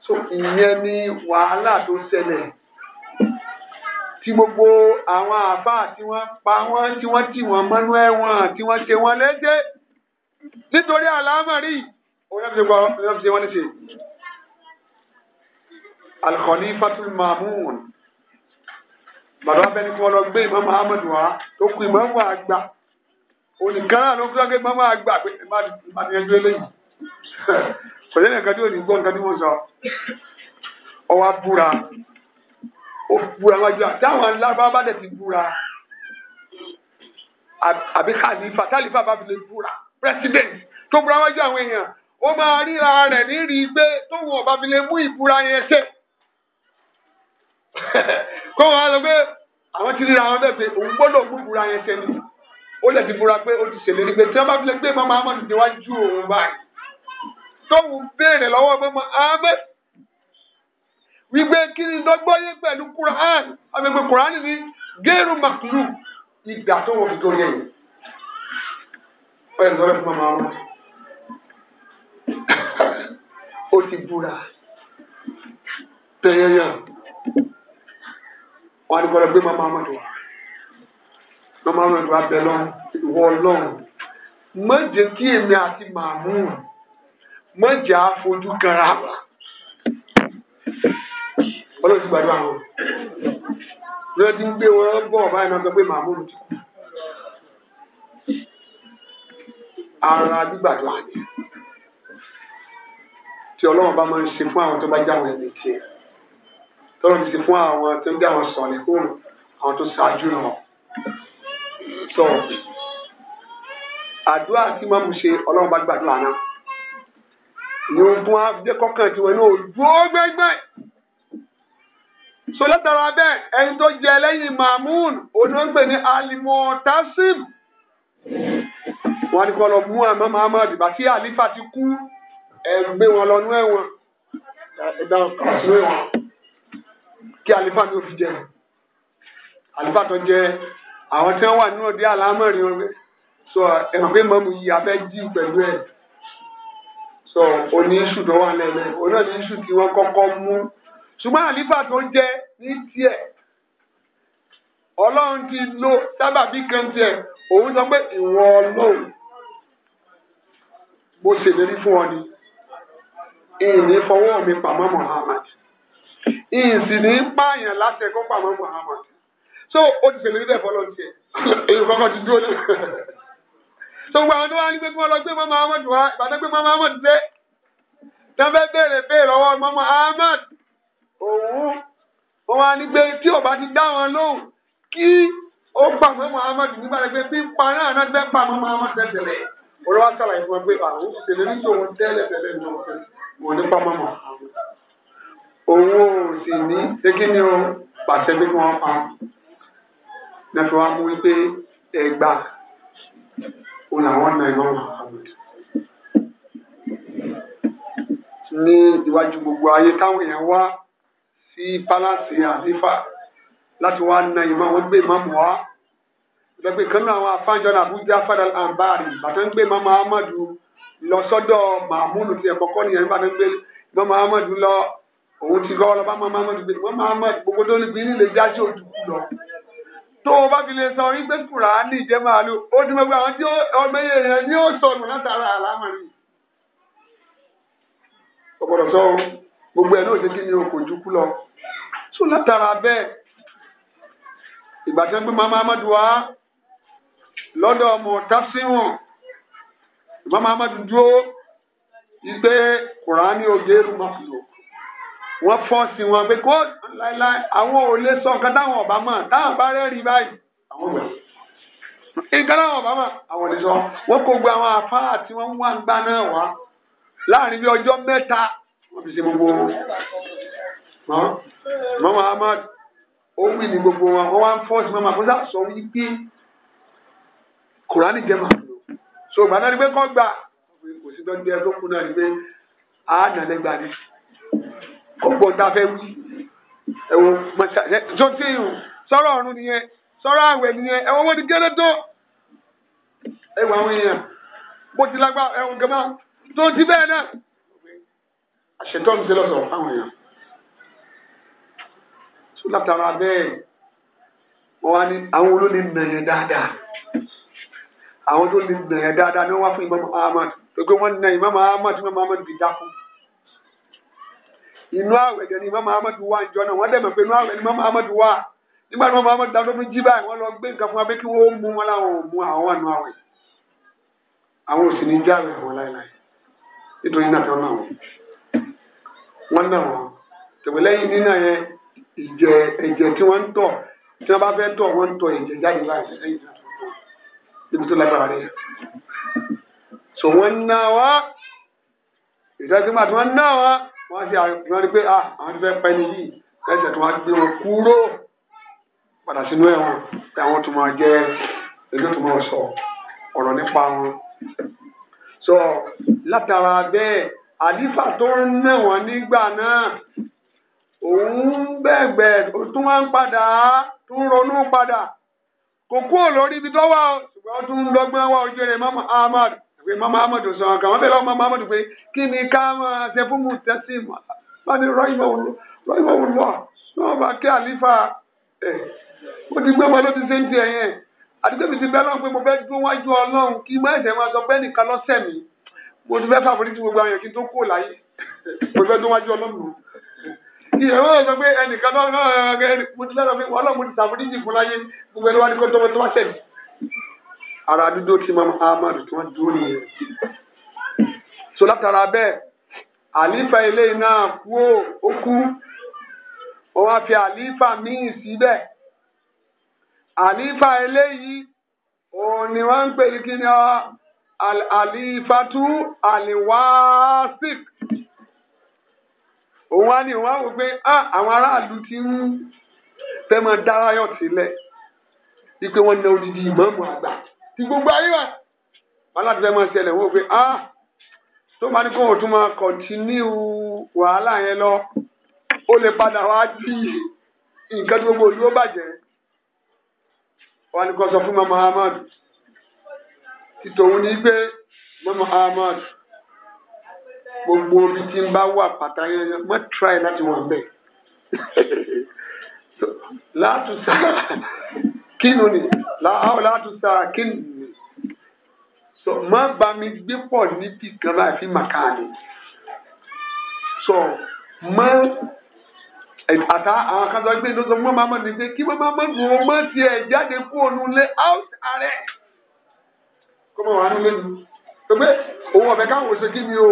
so ìyẹn ni wàhálà tí gbogbo àwọn àáfàá tí wọ́n pa wọ́n tí wọ́n tì wọ́n mọ́nú ẹ̀wọ̀n tí wọ́n ṣe wọ́n léṣe nítorí àlámọ̀rí òun náà fi gbọ́ òun ṣe wọ́n léṣe. Al-Khalifatul Ma'mun bàbá abẹni kí wọn lọ gbé ìmọ̀ Muhammadu wa tó kú ìmọ̀ wà àgbà onìkan náà ló fi wáké ìmọ̀ wà àgbà pé má ti yanjú eléyìí kò yẹn nìkan tí ò ní gbọ́ nǹkan tí wọ́n sọ ọwọ́ abúra ó búra wájú à táwọn alárúbáwá bá dẹ̀ ti búra àbí khalifa khalifa bá fi lè búra president tó búra wájú àwọn èèyàn ó máa ríra rẹ̀ nírí pé tóun ọ̀bá fi lè mú ìbúra yẹn ṣe kó wọn á lọ pé àwọn ti ríra àwọn bẹ́ẹ̀ pé òun gbọ́dọ̀ mú ìbúra yẹn ṣe ni ó lè ti búra pé ó ti ṣèlérí pé tí wọ́n bá fi lè gbé mọ́mọ́ amọ̀dù níwájú òun báyìí tóun béèrè lọ́wọ́ mọ́mọ́ amọ̀dù wípé kí ni dọ́gbọ́yé pẹ̀lú Quran àgbègbè Quran ni géèrú màkìlú ìgbà tó wọ́n fi tó yẹ yìí. ọ̀yẹ̀ lọ́wọ́ fún màmá wọn. ó ti búra tẹ̀yẹ̀yẹ̀ wọn á ní kọ́ lọ gbé màmá wọn tó wà lọ́mọ àwọn ẹ̀dùn abẹ lọ́n ìwọ ọlọ́run má jẹ́ kí èmi àti màmú má jẹ́ ọlọ́run ti gbàdúrà wọn lọ́dún tí ń gbé wọn bọ̀ báyìí náà sọ pé màmú mi. ara gbígbàdúrà ni tí ọlọ́run bá máa ń ṣe fún àwọn tó bá já wọn ẹni tiẹ̀ tọ́lọ́run ti ṣe fún àwọn tó ń já wọn sọ̀rọ̀ fún àwọn tó ṣáájú náà sọ àdúrà tí máa mú ṣe ọlọ́run bá gbàdúrà náà ni wọn fún wa jẹ́ kọ́kàn tiwọn náà dúró gbẹ́gbẹ́ so látara bẹ́ẹ̀ ẹni tó jẹ lẹ́yìn mahmood onígbè ní alimotasim wọn ni kọ́ lọ mú àmọ́ muhammad bá tí alifa ti kú ẹ̀rù gbé wọn lọ́nú ẹ̀wọ̀n ẹ̀dàkùnú ẹ̀wọ̀n kí alifa ni ó fi jẹ alifa tó jẹ àwọn tí wọ́n wà nínú ọdẹ àlámọ̀rin wọn sọ ẹ̀rù pé mọ́mú yìí afẹ́ jí pẹ̀lú ẹ̀ sọ oní iṣu tó wà lẹ́lẹ́ oní tí wọ́n kọ́kọ́ mú ṣùgbọ́n àlífà tó ń jẹ ní tiẹ̀ ọlọ́run ti lo sábàbí kan tiẹ̀ òun sọ pé ìwọ ọlọ́run mo ṣèlérí fún ọ ni ìní fọwọ́ mi pamọ́ Muhammad ìsì ní pààyàn láti ẹ̀kọ́ pamọ́ Muhammad so O ti ṣèlérí bẹ́ẹ̀ fọlọ́ tiẹ̀ èyí kọ́kọ́ ti dúró náà so gbogbo àwọn tó wá ní pé kí wọ́n lọ gbé mọ́mọ́ Ahmad wá ìbàdàn gbé mọ́mọ́ Ahmad dé tí wọ́n fẹ́ béèrè béèrè lọ́wọ́ mọ́mọ́ Ahmad òun òun á ní pé tí ò bá ti dá wọn lóhùn kí ó gbà pé Muhammad nígbà rẹ pé bí pa náà náà fẹ́ pa mọ́ Muhammad tẹ̀tẹ̀lẹ̀ ọ̀rọ̀ wa sàlàyé fún wa pé àwọn òṣèlú ní tòun tẹ́lẹ̀ tẹ́lẹ̀ ní ọ̀sẹ̀ wọn ní pamọ́ mọ́ òun ò sì ní ṣékí ni ó pàṣẹ pé wọ́n pa nàfẹ́ wa mú wípé ẹgbà òun làwọn náà ẹgbọ́n Muhammad ní iwájú gbogbo ayé táwọn èèyàn wá sí pálásì àlífà láti wá na ìmọ̀ wọn gbé ìmọ̀mù wá lọ́gbẹ́ kan náà àwọn afáńjọ́ náà Abuja fada ambari bàtà ń gbé mama amadu lọ sọ́dọ̀ mahmudu tiẹ̀ kọ́kọ́ nìyẹn bàtà ń gbé mama amadu lọ òun ti lọ́wọ́ lọ bá mama amadu gbé mama amadu gbogbo tó ní bí nílé jáde òdùkú lọ. tó o bá fi lè sọ wípé kùránì jẹ́ màálù ó ti mọ̀ pé àwọn tí ọmọ yẹn rẹ̀ ni ó sọnù látara àlámọ̀rin. ọ̀pọ̀lọpọ̀ gbogbo ẹ̀ náà ò so látara bẹ́ẹ̀ ìgbà tí wọ́n gbé mama amadu wá lọ́dọ̀ ọmọ tásíwọ̀n mama amadu dúró wípé kùránì òjèrú mọ́tò wọ́n fọ́ọ̀sì wọn pé kó láíláí àwọn ò lè sọ nǹkan táwọn ọ̀bá mọ̀ táwọn bá rẹ́rìí báyìí àwọn ọ̀bá nǹkan táwọn ọ̀bá mọ̀ àwọn ò lè sọ wọ́n kó gba àwọn àfáà tí wọ́n ń wá ń gbá náà wá láàrin bí ọjọ́ mẹ́ta wọ́n fi ṣe gbogbo mọ́mọ́ ahmad ó wí ní gbogbo wọn wá ń fọ́ọ̀sì mọ́mọ́ àfọ́sà sọ wípé kùránì jẹ́ màá lò so gbàdá ni pé kọ́ gbà kò sí tọ́jú tó kú náà ni pé á nàlẹ́gbàá ni ọgbọ́n tá fẹ́ wí ẹ̀wọ̀n mọ̀ṣá tó ti sọ̀rọ̀ ọ̀run nìyẹn sọ̀rọ̀ àwẹ̀ nìyẹn ẹ̀wọ̀n wọ́n ti gẹ́rẹ́ tó ẹ̀wọ̀n àwọn èèyàn bó ti lágbá ẹ̀wọ̀n gẹ́gbà tó ti bẹ́ẹ̀ náà àṣetọ́ mi ti lọ́sọ̀rọ̀ fáwọn èèyàn látara bẹ́ẹ̀ wọ́n wá ní àwọn olóòlì nàyẹn dáadáa àwọn tó lè dáadáa ni wọ́n wá fún Imam Ahmad gbogbo wọn nà Imam Ahmad Imam Ahmad fi dákú inú àwẹ̀ dẹ̀ ni Imam Ahmad wà níjọ náà wọ́n dẹ̀ mọ̀ pé inú àwẹ̀ ni Imam Ahmad wà nígbà tí Imam Ahmad dáadọ́ fún jí báyìí wọ́n lọ gbé nǹkan fún wa pé kí wọ́n mú wọn láwọn ò mú àwọn wà nù àwẹ̀ àwọn ò sì ní já ìjẹ ẹ̀jẹ̀ tí wọ́n ń tọ̀ tí wọ́n bá fẹ́ tọ̀ wọ́n ń tọ̀ ẹ̀jẹ̀ jáde láàrin lẹ́yìn náà níbi tó lágbára rẹ̀. sọ wọ́n ná wa ìdájọ́ máa tí wọ́n ná wa wọ́n ṣe àwọn rí pé ah, àwọn ti fẹ́ pẹ́ ní yìí lẹ́sẹ̀ tí wọ́n gbé wọn kúrò padà sínú ẹ̀wọ̀n pé àwọn tó máa jẹ́ ẹgbẹ́ tó máa sọ ọ̀rọ̀ nípa wọn. sọ látara bẹ́ẹ̀ àdífà tó ń ná nígbà náà òun ń bẹ̀bẹ̀ ó tún wá ń padà á tún ronú padà kò kúrò lórí ibi tó wà ṣùgbọ́n ó tún lọ́gbọ́n wá ojú rẹ̀ mọ́mọ́ ahmad pé mọ́mọ́ ahmad sọ ọ̀kan wọ́n bẹ̀rẹ̀ lọ́wọ́ mọ́mọ́ ahmad pé kí ni ká máa ṣe fún mu tẹ́sí mọ́ báni rọ́ìmọ̀ òun lọ náà bá kí àlífà ẹ̀ ó ti gbé wọn ló ti ṣe ń tiẹ̀ yẹn àdúgbò mi ti bẹ́ lọ́n pé mo fẹ́ dún wájú ọlọ́run kí má ẹ̀sẹ̀ máa sọ pé nìkan lọ́sẹ̀ mi mo ti fẹ́ fàforí ti gbogbo àwọn yẹn kí n tó kó láyé mo fẹ́ dún wájú ọlọ́run ìyàwó ẹ̀ sọ pé ẹnìkan náà náà mo ti lọ́dọ̀ pé wọ́n náà mo ti sàfúríjì fún láyé gbogbo ẹni wá ní kó tó tó wá sẹ́yìn. ara dúdú tí mọ amadu tí wọ́n dúró nìyẹn. so látara bẹ́ẹ̀ àlífà eléyìí náà kú ó kú ó wá fi àlífà míì síbẹ̀ àlífà eléyìí òun ni wọ́n ń pè ní kí ni àlífà tú àlìwáásík òun wá ní òun wá wò pé ah, àwọn aráàlú ti ń fẹ́ máa dárayọ̀ sílẹ̀ wípé wọ́n na odidi ìmọ̀ọ́mù àgbà ti gbogbo ayé wa aláàtí fẹ́ máa ṣẹlẹ̀ wọ́n pé ah, tó máa ní kó o tún máa kọ̀ntínú wàhálà yẹn lọ ó lè padà wá di nǹkan tí gbogbo olú ó bàjẹ́ wọn ni kò sọ fún mama Ahmad títòun ní pé mama Ahmad gbogbo omi tí ń bá wà pàtà yẹn mọ try láti wà bẹ́ẹ̀ láti kínú ni láti kínú ni so má bá mi gbé pọ̀ níbi kan láì fi màkà ni so má àtà àwọn kan sọ pé lọ́sọ̀ mọ́ máa mọ̀ ní pé kí mọ́ máa mọ̀ gùn ó mọ́ tiẹ̀ jáde kú òun lé out ààrẹ kọ́mọ̀ wà nínú lẹ́nu pé òun ọ̀bẹ káwọn ò ṣe kí ni o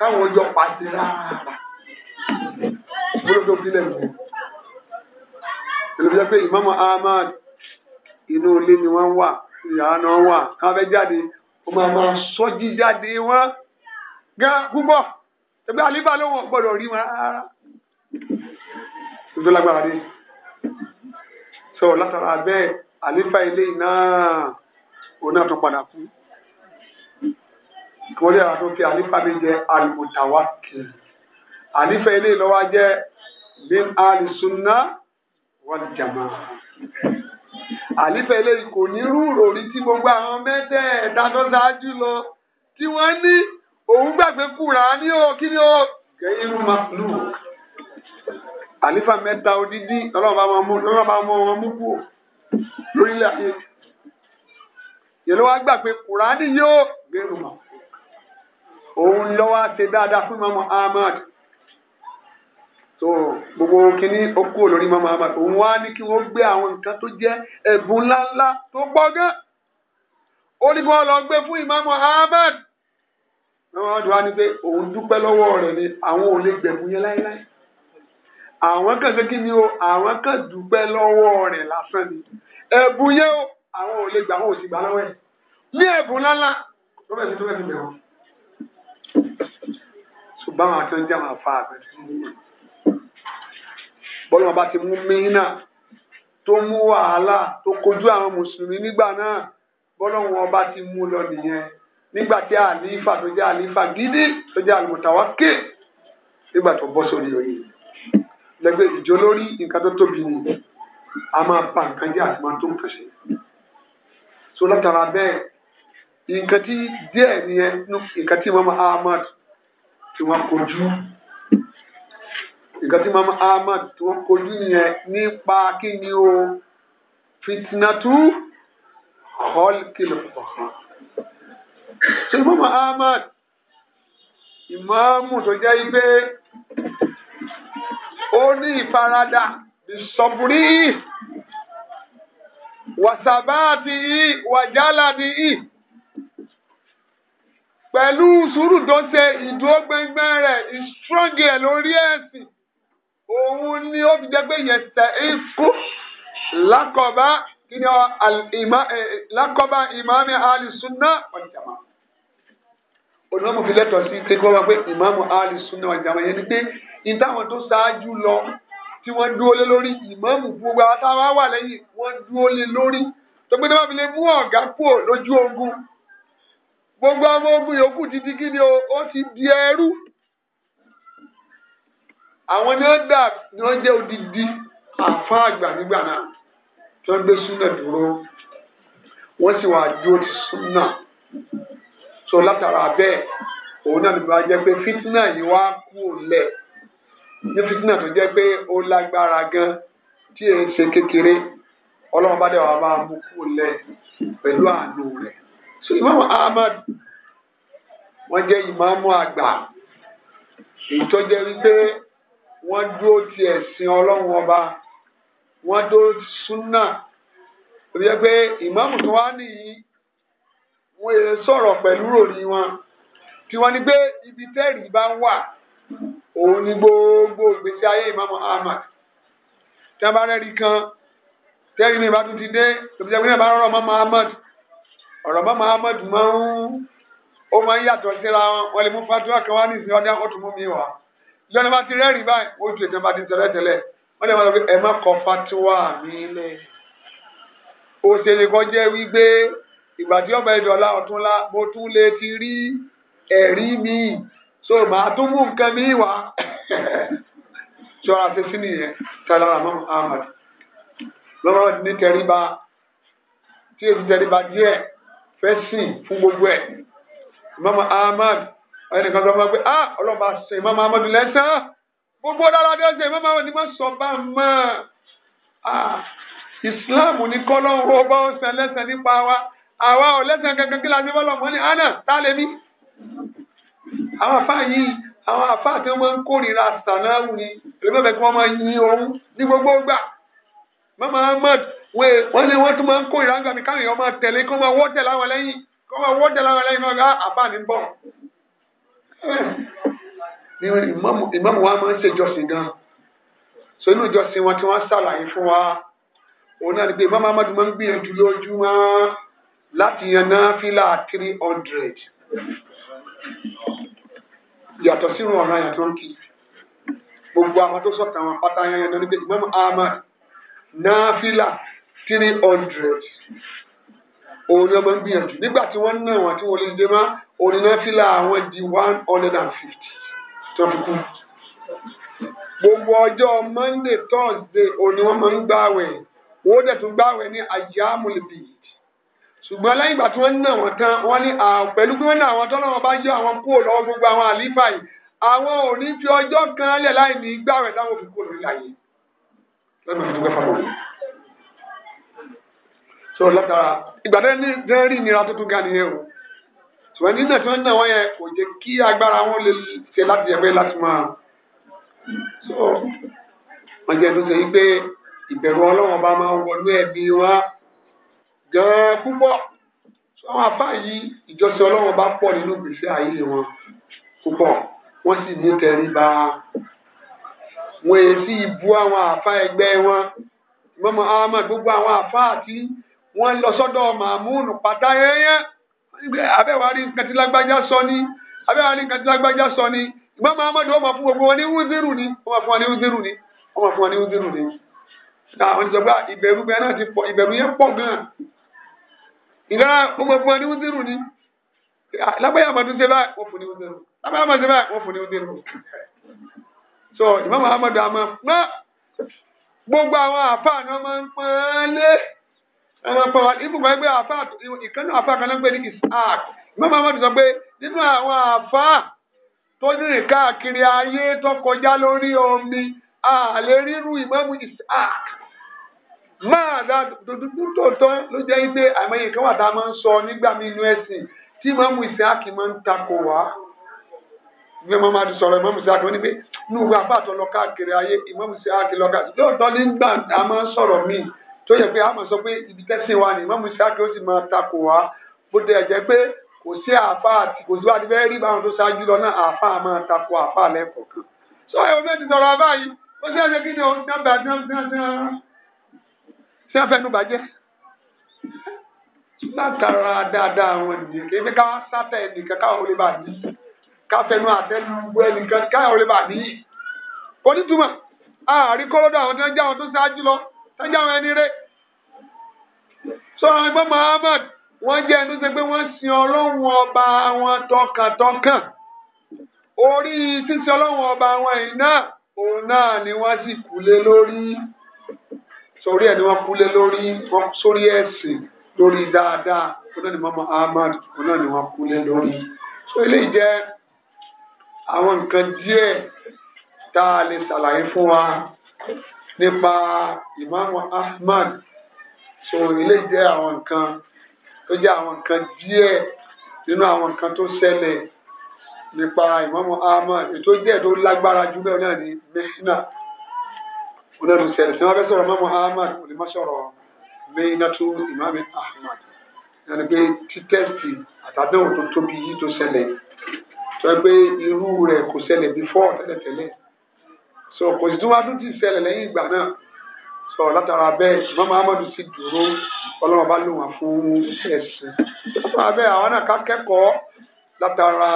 káwọn yọ pàṣẹ rárá gbọ́dọ̀ fi lẹ́nu ìlúfẹ́ pé ìmọ̀mọ̀ ahmad inú ilé ni wọ́n wà ìyànà wà káwọn fẹ́ jáde wọ́n máa máa sọ́jí jáde wọ́n gán púpọ̀ ẹgbẹ́ àlébà ló wọ́n gbọ́dọ̀ rí wọn rárá tó lágbára dé sọ látara bẹ́ẹ̀ àlébà ilé náà òun náà tún padà kú ìkórè àwọn tó fi àlífà mi jẹ al-mutawakkil àlífà ilé lọ́wọ́ jẹ́ bin al-sunna wal jamaa àlífà ilé kò ní rúurò rí tí gbogbo àwọn mẹ́tẹ̀ẹ̀ta tó ṣáájú lọ tí wọ́n ní òun gbàgbé kúra ní o kí ni o irú màlúù àlífà mẹ́ta odidi lọ́lọ́ba máa wọn mú kú lórílẹ̀ ayé yẹn ló gbà pé kùránì yóò gbèrú màlúù. òun lọ́wọ́ ṣe dáadáa fún mọ́mọ́ Ahmad so gbogbo kínní ó kúrò mọ́mọ́ Ahmad òun wá ní kí wọ́n gbé àwọn nǹkan tó jẹ́ ẹ̀bùn ńláńlá tó pọ̀ gan ó ní kí wọ́n lọ gbé fún ìmọ̀mọ́ Ahmad mọ́mọ́ Ahmad wá ní pé òun dúpẹ́ lọ́wọ́ rẹ̀ ni àwọn ò lè gbẹ̀bùn yẹn o àwọn kan dúpẹ́ lọ́wọ́ rẹ̀ lásán ni ẹ̀bùn o àwọn ò lè gbà wọn ò sì gbà lọ́wọ́ ẹ̀ ní ẹ̀bùn ńláńlá tó bẹ̀ tó bẹ̀ ṣùgbọ́n àwọn akẹ́kọ̀ọ́ jẹ́ àwọn àfa àgbẹ̀ tí mú un bọ́lá wọn bá ti mú mínà tó mú wàhálà tó kojú àwọn mùsùlùmí nígbà náà bọ́lá wọn bá ti mú lọ nìyẹn nígbà tí àlífà tó jẹ́ àlífà gidi tó jẹ́ àlùmọ̀tàwákè nígbà tó bọ́ sórí oyè lẹ́gbẹ́ ìjọ lórí nǹkan tó tóbi ni a máa ba nǹkan jẹ́ àti máa tó nǹkan ṣe so látara bẹ́ẹ̀ nǹkan tí díẹ̀ nìyẹn nǹkan tí màmá Ahmad tí wọ́n kojú nǹkan mama ahmad tí wọ́n kojú yẹn nípa kí ni o fitinatu kọ́lkìlì kọ̀ọ̀kan. ṣé mama ahmad ìmáàmù tó jẹ́ ibẹ̀ ó ní ìfaradà ìsọ̀bùrí wàsàbáàtì wàjálàdì pẹ̀lú sùúrù tó ṣe ìdúró gbẹngbẹ́n rẹ̀ ìstrọ́ngì ẹ̀ lórí ẹ̀sìn òun ni ó fi jẹ́ pé yẹ̀tẹ̀ ikú lákọ̀ọ́bá kí ni lákọ̀ọ́bá ìmáàmì alìsúná ọ̀jàmá onímọ̀ fi lẹ́tọ̀ọ́ sí pé kí wọ́n máa pé ìmáàmù alìsúná ọ̀jàmá yẹn ni pé ní táwọn tó ṣáájú lọ tí wọ́n dúró lé lórí ìmáàmù gbogbo àwọn táwa wà lẹ́yìn wọ́n dúró lé lórí tó gbé tó bá fi lè mú ọ̀gá kúrò gbogbo ọmọ yòókù ti di kíni o ó ti di ẹrú àwọn ni wọn dà ni wọn jẹ odidi àfa àgbà nígbà náà tí wọn gbé súnà dúró wọn sì wà dúró ti súnà so látara bẹ́ẹ̀ òun náà nígbà jẹ pé fitina yìí wá kú òlẹ ní fitina tó jẹ pé ó lágbára gan tí èé ṣe kékeré Ọlọ́run bá dẹ̀ wá máa mú kú òlẹ pẹ̀lú àánú rẹ̀. so imam ahmad wọ́n jẹ́ ìmáàmù àgbà ìtọ́jẹ́ wípé wọ́n dúró ti ẹ̀sìn ọlọ́run ọba wọ́n dúró ti súnà òbí jẹ́ pé ìmáàmù tó wá nìyí wọ́n yẹ sọ̀rọ̀ pẹ̀lú ròrí wọn tí wọ́n ní pé ibi tẹ́rì bá ń wà òun ni gbogbo ìgbésí ayé ìmáàmù ahmad tí wọ́n bá rẹ́rìí kan tẹ́rì mi bá tún ti dé òbí jẹ́ pé náà bá rọrọ̀ mọ́ muhammad ọ̀rọ̀ mọ́ Muhammad máa ń ó máa ń yàtọ̀ síra wọn wọ́n lè mú fatuwa kan wá nísìnyí ọdún ó tún mú mi wá ìjọba bá ti rẹ́rìn báyìí ó ju ètò ìjọba ti tẹ̀lẹ́tẹ̀lẹ́ wọ́n lè máa lọ pé ẹ má kọ fatuwa mi lẹ̀ òṣèlè kan jẹ́ wípé ìgbà tí ọba ìdọ̀la ọ̀túnla mo tún lè ti rí ẹ̀rí mi so màá tún mú nǹkan mi wá sọra ṣe sí nìyẹn tẹ̀lé àmọ́ Muhammad lọ́wọ́ ní tẹríba tí èyí tẹríba díẹ̀ fẹ́sìn fún gbogbo ẹ̀ ìmáàmù ahmad ẹnìkan sọ fún wa pé ah ọlọ́ba ṣe ìmáàmù ahmad lẹ́sàn gbogbo dára bí ó ṣe ìmáàmù ahmad ni wọ́n sọ bá mọ́ ah islam ní kọ́lọ́hún ó bá ń sàn lẹ́sàn nípa wa àwa ò lẹ́sàn kankan kí la ṣe bọ́lọ̀ mọ́ ní hànà tá a lè mí. àwọn àfáà yìí àwọn àfáà tí wọ́n máa ń kórìíra sànáwù ni èlébẹ̀bẹ̀ kí wọ́n máa yin òun ní gbogbo gbà mọ́mọ́ ahmad wọ́n ní wọ́n tún máa ń kó ìrángà mi káwọn èèyàn máa tẹ̀lé kó máa wọ́tẹ̀ láwọn lẹ́yìn kó máa wọ́tẹ̀ láwọn lẹ́yìn náà àbá mi ń bọ̀. ìmáàmù wa máa ń ṣe ìjọsìn gan so inú ìjọsìn wọn tí wọ́n ṣàlàyé fún wa òun náà ni pé ìmáàmù amadu máa ń gbìyànjú lójúmọ́ láti yan náfìlà three hundred yàtọ̀ sínú ọ̀ràn àyàtọ̀ ń kí gbogbo àwọn tó sọ̀tàn àwọn pátá yan yan náà ni pé ìmáàmù amadu náfìlà three hundred òun ni ọmọ ń gbìyànjú nígbà tí wọ́n ná wọn tí wọ́n lè dé má òun ni náfìlà àwọn di one hundred and fifty tó fi kú. gbogbo ọjọ́ monday thursday òun ni wọ́n máa ń gbààwẹ̀ wọ́n dẹ̀ tún gbààwẹ̀ ní ayámúlẹ̀bì ṣùgbọ́n lẹ́yìn ìgbà tí wọ́n ná wọn tán wọ́n ní pẹ̀lú pé wọ́n ná àwọn tọ́lọ́ wọn bá yọ àwọn kúrò lọ́wọ́ gbogbo àwọn àlífà yìí àwọn ò ní fi ọjọ́ kan lẹ̀ láì ní gbààwẹ̀ táwọn òfin kúrò lórí ayé. lọ́dún tó gbẹ́ fáwọn so látara ìgbàdá ní dẹ́rì nira tuntun gan nìyẹn o ṣùgbọ́n nínú ẹ̀fẹ́ náà wọ́n yẹ kò jẹ́ kí agbára wọn lè ṣe láti ẹgbẹ́ láti máa so wọ́n jẹ́ tó ṣe yí pé ìbẹ̀rù ọlọ́wọ́n bá máa ń wọnú ẹ̀mí wa gan-an púpọ̀ àwọn afá yìí ìjọsìn ọlọ́wọ́n bá pọ̀ nínú gbèsè ayé wọn púpọ̀ wọ́n sì ní tẹríba wọ́n èsì ìbú àwọn afá ẹgbẹ́ wọn ìmọ̀mọ́ ahmed gbogbo àwọn afá àti wọn lọ sọdọ màmúnù pátá yẹ́yẹ́ abẹ́wárí nǹkan sọ ni abẹ́wárí nǹkan sọ ni mahamadu ọmọ fún gbogbo wọn ni ọmọ fún wọn ni ọmọ fún wọn ni ti sọ pé náà ti yẹn ọmọ fún wọn ní wúzírù ni amadu ṣe báyìí fún wúzírù amadu ṣe báyìí fún wúzírù so mahamadu gbogbo àwọn ni máa ẹ̀rọ pọ̀ ibùgbà ẹgbẹ́ àfa ìkànnì àfa kan náà ń pè ní Isaac mọ́mọ́ àwọn ti sọ pé nínú àwọn àfa tó rìn káàkiri ayé tó kọjá lórí omi àlè rírú ìmọ̀mù Isaac máa dá dòdòdó tó tán ló jẹ́ pé àìmọye kan wà tá a máa ń sọ nígbà mí inú ẹ̀sìn tí ìmọ̀mù Isaac máa ń takò wá ní ọmọ máa ti sọ̀rọ̀ ìmọ̀mù Isaac wọn ni pé nínú àfa àtọ̀ lọ káàkiri ayé ìmọ̀mù Isaac lọ káàkiri lóòótọ́ nígbà tá a máa ń sọ̀rọ̀ míì tó yẹ pé a máa sọ pé ibi tẹ́sìn wa ni mọ́mú ìsáàkì ó sì máa takò wá bó tẹ̀ jẹ́ pé kò sí àáfà àti kò sí wá ti fẹ́ rí báwọn tó ṣáájú lọ náà àáfà máa takò àáfà lẹ́kọ̀ọ́ kan. sọ èèyàn méjì sọ̀rọ̀ àáfà yìí ó sì ẹ̀ṣẹ̀ kí ni òun náà bá dán dán dán sí àfẹnú bàjẹ́. látara dáadáa àwọn ènìyàn kì í fi ká sátẹ ẹnìkan káwọn olè bá ní káfẹnú àtẹnu gbọ ẹnìkan káwọn olè bá ní. onítùmọ̀ àárí kọ́lọ́dọ̀ àwọn tó ń já àwọn tó ṣáájú lọ tọ́jú àwọn ẹni rẹ̀ sọ ẹgbẹ́ Muhammad wọ́n jẹ́ ẹnu ṣe pé wọ́n sin ọlọ́run ọba wọn tọkàntọkàn orí sísin ọlọ́run ọba wọn yìí náà òun náà ni wọ́n sì kú lé lórí sórí ẹ̀ ni wọ́n kú lé lórí wọ́n sórí ẹ̀sìn lórí dáadáa òun náà ni mama ahmad òun náà ni wọ́n kú lórí so eléyìí jẹ́ àwọn nǹkan díẹ̀ tá a lè ṣàlàyé fún wa nípa ìmáàmù Ahmad so ilé jẹ́ àwọn nǹkan tó jẹ́ àwọn nǹkan díẹ̀ nínú àwọn nǹkan tó ṣẹlẹ̀ nípa ìmáàmù Ahmad ètò díẹ̀ tó lágbára jù bẹ́ẹ̀ náà ní mẹ́sínà onẹ́nu ṣẹlẹ̀ tí wọ́n fẹ́ sọ̀rọ̀ ìmáàmù Ahmad kò lè má sọ̀rọ̀ mẹ́yìnà tó ìmáàmù Ahmad yẹn pé títẹ́sì àtàdéhùn tó tóbi yìí tó ṣẹlẹ̀ tó yẹ pé irú rẹ̀ kò ṣẹlẹ̀ bí fọ́ọ̀ tẹ́lẹ̀tẹ́lẹ̀ so kò sì tún wá tún ti ṣẹlẹ̀ lẹ́yìn ìgbà náà sọ látara bẹ́ẹ̀ mọ́mọ́ amadu sì dúró ọlọ́run bá lò wọ́n fún ẹ̀sìn látara bẹ́ẹ̀ àwọn náà ká kẹ́kọ̀ọ́ látara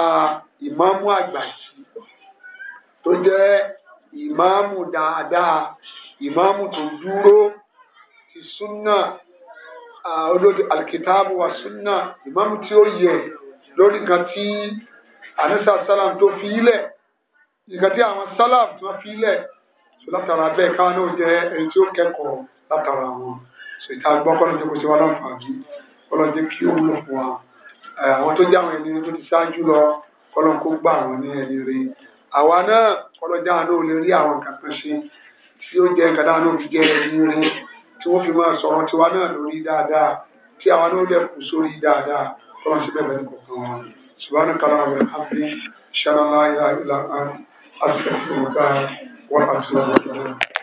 ìmáàmù àgbà yìí tó jẹ́ ìmáàmù dáadáa ìmáàmù tó dúró ti súnà olóde alikitaabu wa súnà ìmáàmù tí ó yẹ lórí kan tí anisa salam tó fi í lẹ̀ nǹkan tí àwọn sálàf tí wọ́n fi lẹ̀ so látara bẹ́ẹ̀ káwọn náà jẹ́ ẹni tí ó kẹ́kọ̀ọ́ látara wọn so ìta gbọ́ kọ́ ló jẹ́ kó ṣe wá láǹfààní kọ́ ló jẹ́ kí ó wúlò fún wa àwọn tó jẹ́ àwọn ẹni tó ti ṣáájú lọ kọ́ ló kó gbà wọ́n ní ẹni rí àwa náà kọ́ ló jẹ́ àwọn náà ò lè rí àwọn nǹkan kan ṣe tí ó jẹ́ nǹkan dáhùn náà fi jẹ́ ẹni rí tí wọ́n fi máa sọ̀rọ̀ tiwa náà lórí dáadáa tí àwọn náà lè kù sórí dáadáa kọ́ ṣe bẹ́ẹ̀ bẹ́ẹ̀ kọ̀ọ̀kan wọn subhanahu wa ta'ala wa bihamdi shalala ilaha illa anta. أستغفرك وأتوب إليك